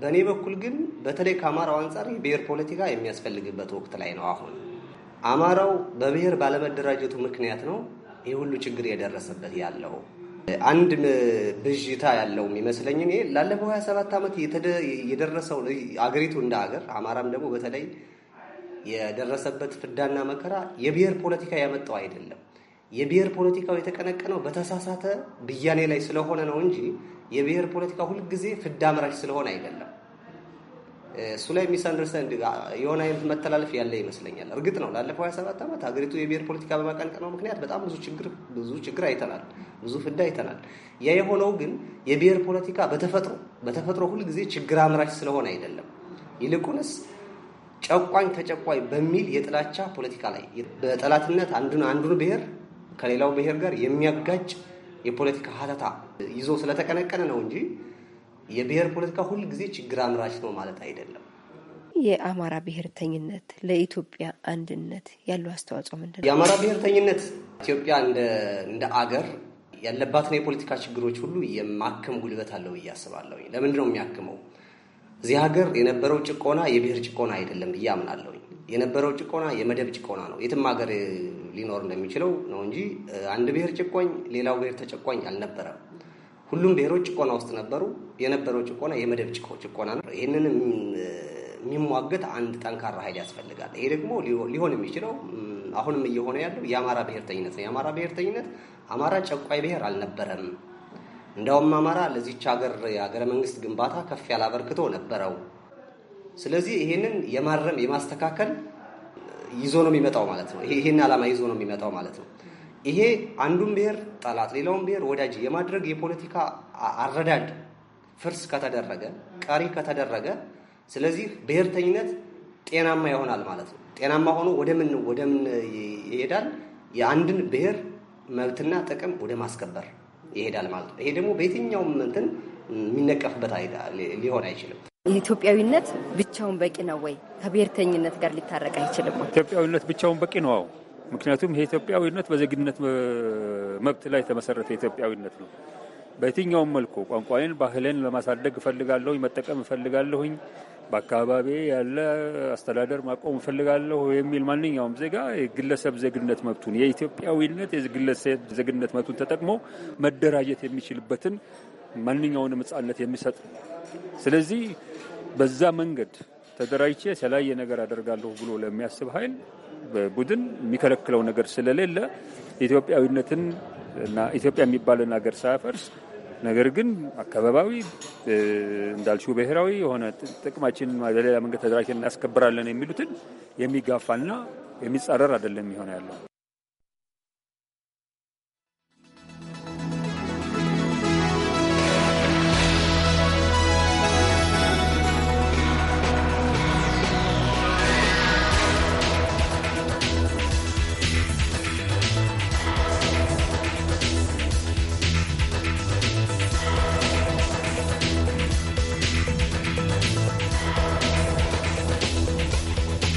በእኔ በኩል ግን በተለይ ከአማራው አንጻር የብሔር ፖለቲካ የሚያስፈልግበት ወቅት ላይ ነው። አሁን አማራው በብሔር ባለመደራጀቱ ምክንያት ነው ይህ ሁሉ ችግር የደረሰበት ያለው አንድ ብዥታ ያለው የሚመስለኝ እኔ ላለፈው 27 ዓመት የደረሰው አገሪቱ እንደ ሀገር አማራም ደግሞ በተለይ የደረሰበት ፍዳና መከራ የብሔር ፖለቲካ ያመጣው አይደለም። የብሔር ፖለቲካው የተቀነቀነው በተሳሳተ ብያኔ ላይ ስለሆነ ነው እንጂ የብሔር ፖለቲካ ሁልጊዜ ፍዳ አምራች ስለሆነ አይደለም። እሱ ላይ ሚስ አንደርስታንድ የሆነ አይነት መተላለፍ ያለ ይመስለኛል። እርግጥ ነው ላለፈው 27 ዓመት ሀገሪቱ የብሔር ፖለቲካ በማቀንቀነው ምክንያት በጣም ብዙ ችግር ብዙ ችግር አይተናል፣ ብዙ ፍዳ አይተናል። ያ የሆነው ግን የብሔር ፖለቲካ በተፈጥሮ በተፈጥሮ ሁልጊዜ ችግር አምራች ስለሆነ አይደለም። ይልቁንስ ጨቋኝ ተጨቋኝ በሚል የጥላቻ ፖለቲካ ላይ በጠላትነት አንዱን ብሔር ከሌላው ብሔር ጋር የሚያጋጭ የፖለቲካ ሀተታ ይዞ ስለተቀነቀነ ነው እንጂ የብሔር ፖለቲካ ጊዜ ችግር አምራች ነው ማለት አይደለም። የአማራ ብሔርተኝነት ለኢትዮጵያ አንድነት ያለው አስተዋጽኦ ምንድን ነው? የአማራ ብሔርተኝነት ኢትዮጵያ እንደ አገር ያለባትን የፖለቲካ ችግሮች ሁሉ የማከም ጉልበት አለው ብዬ አስባለሁ። ለምንድን ነው የሚያክመው? እዚህ ሀገር የነበረው ጭቆና የብሔር ጭቆና አይደለም ብዬ አምናለሁ። የነበረው ጭቆና የመደብ ጭቆና ነው። የትም ሀገር ሊኖር እንደሚችለው ነው እንጂ አንድ ብሔር ጭቆኝ ሌላው ብሔር ተጨቋኝ አልነበረም። ሁሉም ብሔሮች ጭቆና ውስጥ ነበሩ። የነበረው ጭቆና የመደብ ጭቆና ነው። ይህንን የሚሟገት አንድ ጠንካራ ኃይል ያስፈልጋል። ይሄ ደግሞ ሊሆን የሚችለው አሁንም እየሆነ ያለው የአማራ ብሔርተኝነት ነው። የአማራ ብሔርተኝነት አማራ ጨቋይ ብሔር አልነበረም። እንዳውም አማራ ለዚች ሀገር የሀገረ መንግስት ግንባታ ከፍ ያለ አበርክቶ ነበረው። ስለዚህ ይሄንን የማረም የማስተካከል ይዞ ነው የሚመጣው ማለት ነው። ይሄን ዓላማ ይዞ ነው የሚመጣው ማለት ነው። ይሄ አንዱን ብሔር ጠላት ሌላውን ብሔር ወዳጅ የማድረግ የፖለቲካ አረዳድ ፍርስ ከተደረገ ቀሪ ከተደረገ ስለዚህ ብሔርተኝነት ጤናማ ይሆናል ማለት ነው። ጤናማ ሆኖ ወደምን ወደምን ይሄዳል? የአንድን ብሔር መብትና ጥቅም ወደ ማስከበር ይሄዳል ማለት ነው። ይሄ ደግሞ በየትኛውም እንትን የሚነቀፍበት ሊሆን አይችልም። ኢትዮጵያዊነት ብቻውን በቂ ነው ወይ? ከብሔርተኝነት ጋር ሊታረቅ አይችልም። ኢትዮጵያዊነት ብቻውን በቂ ነው። ምክንያቱም የኢትዮጵያዊነት ኢትዮጵያዊነት በዜግነት መብት ላይ የተመሰረተ ኢትዮጵያዊነት ነው። በየትኛውም መልኩ ቋንቋዬን፣ ባህሌን ለማሳደግ እፈልጋለሁ፣ መጠቀም እፈልጋለሁኝ፣ በአካባቢ ያለ አስተዳደር ማቆም እፈልጋለሁ የሚል ማንኛውም ዜጋ የግለሰብ ዜግነት መብቱን የኢትዮጵያዊነት የግለሰብ ዜግነት መብቱን ተጠቅሞ መደራጀት የሚችልበትን ማንኛውንም ነጻነት የሚሰጥ ስለዚህ በዛ መንገድ ተደራጅቼ የተለያየ ነገር አደርጋለሁ ብሎ ለሚያስብ ኃይል ቡድን የሚከለክለው ነገር ስለሌለ ኢትዮጵያዊነትን እና ኢትዮጵያ የሚባልን ሀገር ሳያፈርስ ነገር ግን አካባቢዊ እንዳልሽው ብሔራዊ የሆነ ጥቅማችንን በሌላ መንገድ ተደራጅተን እናስከብራለን የሚሉትን የሚጋፋና የሚጻረር አይደለም የሚሆነ ያለው።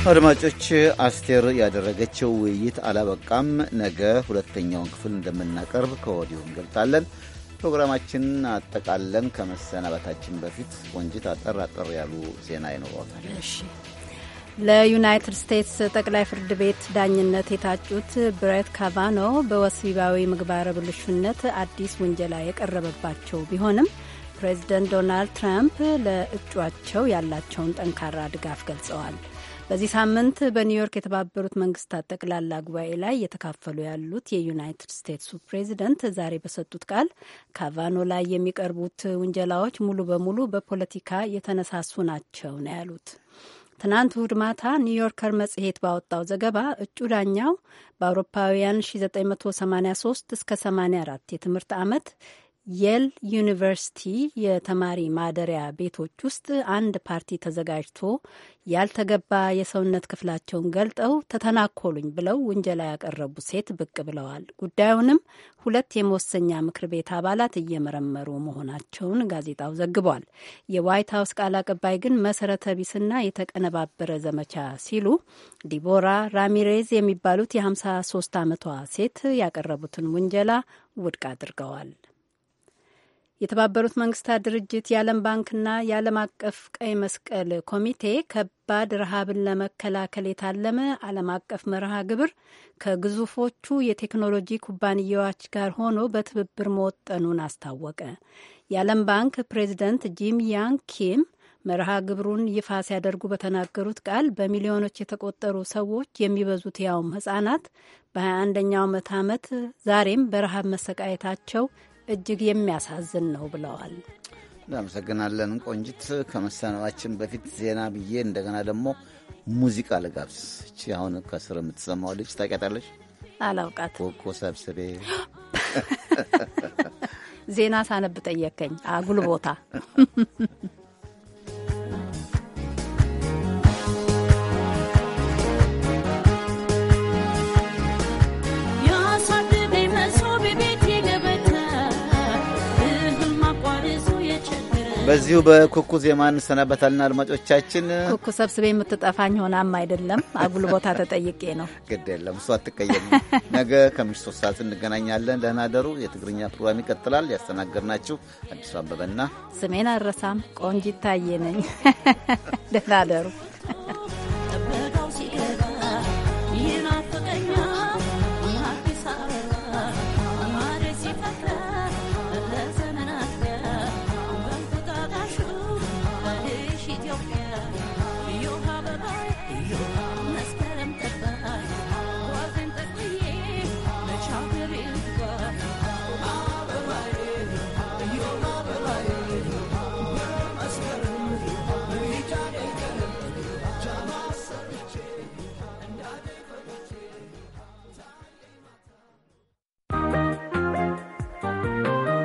አድማጮች አስቴር ያደረገችው ውይይት አላበቃም። ነገ ሁለተኛውን ክፍል እንደምናቀርብ ከወዲሁ እንገልጣለን። ፕሮግራማችንን አጠቃለን ከመሰናበታችን በፊት ወንጅት አጠር አጠር ያሉ ዜና ይኖሯታል። ለዩናይትድ ስቴትስ ጠቅላይ ፍርድ ቤት ዳኝነት የታጩት ብሬት ካቫኖ በወሲባዊ ምግባረ ብልሹነት አዲስ ውንጀላ የቀረበባቸው ቢሆንም ፕሬዚደንት ዶናልድ ትራምፕ ለእጩቸው ያላቸውን ጠንካራ ድጋፍ ገልጸዋል። በዚህ ሳምንት በኒውዮርክ የተባበሩት መንግስታት ጠቅላላ ጉባኤ ላይ እየተካፈሉ ያሉት የዩናይትድ ስቴትሱ ፕሬዚደንት ዛሬ በሰጡት ቃል ካቫኖ ላይ የሚቀርቡት ውንጀላዎች ሙሉ በሙሉ በፖለቲካ የተነሳሱ ናቸው ነው ያሉት። ትናንት እሁድ ማታ ኒውዮርከር መጽሔት ባወጣው ዘገባ እጩ ዳኛው በአውሮፓውያን 1983 እስከ 84 የትምህርት ዓመት የል ዩኒቨርሲቲ የተማሪ ማደሪያ ቤቶች ውስጥ አንድ ፓርቲ ተዘጋጅቶ ያልተገባ የሰውነት ክፍላቸውን ገልጠው ተተናኮሉኝ ብለው ውንጀላ ያቀረቡ ሴት ብቅ ብለዋል። ጉዳዩንም ሁለት የመወሰኛ ምክር ቤት አባላት እየመረመሩ መሆናቸውን ጋዜጣው ዘግቧል። የዋይት ሀውስ ቃል አቀባይ ግን መሰረተ ቢስና የተቀነባበረ ዘመቻ ሲሉ ዲቦራ ራሚሬዝ የሚባሉት የ53 ዓመቷ ሴት ያቀረቡትን ውንጀላ ውድቅ አድርገዋል። የተባበሩት መንግስታት ድርጅት የዓለም ባንክና የዓለም አቀፍ ቀይ መስቀል ኮሚቴ ከባድ ረሃብን ለመከላከል የታለመ ዓለም አቀፍ መርሃ ግብር ከግዙፎቹ የቴክኖሎጂ ኩባንያዎች ጋር ሆኖ በትብብር መወጠኑን አስታወቀ። የዓለም ባንክ ፕሬዚደንት ጂም ያንግ ኪም መርሃ ግብሩን ይፋ ሲያደርጉ በተናገሩት ቃል በሚሊዮኖች የተቆጠሩ ሰዎች የሚበዙት ያውም ህጻናት በ21ኛው ዓመት ዛሬም በረሃብ መሰቃየታቸው እጅግ የሚያሳዝን ነው ብለዋል። እናመሰግናለን ቆንጅት ከመሰናባችን በፊት ዜና ብዬ እንደገና ደግሞ ሙዚቃ ልጋብዝ። እቺ አሁን ከስር የምትሰማው ልጅ ታውቂያታለሽ? አላውቃት። ኮኮ ሰብስቤ ዜና ሳነብ ጠየከኝ። አጉል ቦታ በዚሁ በኩኩ ዜማ እንሰናበታለን አድማጮቻችን። ኩኩ ሰብስቤ የምትጠፋኝ ሆናም አይደለም አጉል ቦታ ተጠይቄ ነው። ግድ የለም እሱ አትቀየም። ነገ ከምሽቱ ሶስት ሰዓት እንገናኛለን። ደህና ደሩ። የትግርኛ ፕሮግራም ይቀጥላል። ያስተናገድናችሁ አዲሱ አበበና ስሜን አረሳም ቆንጂት ታየ ነኝ። ደህና ደሩ።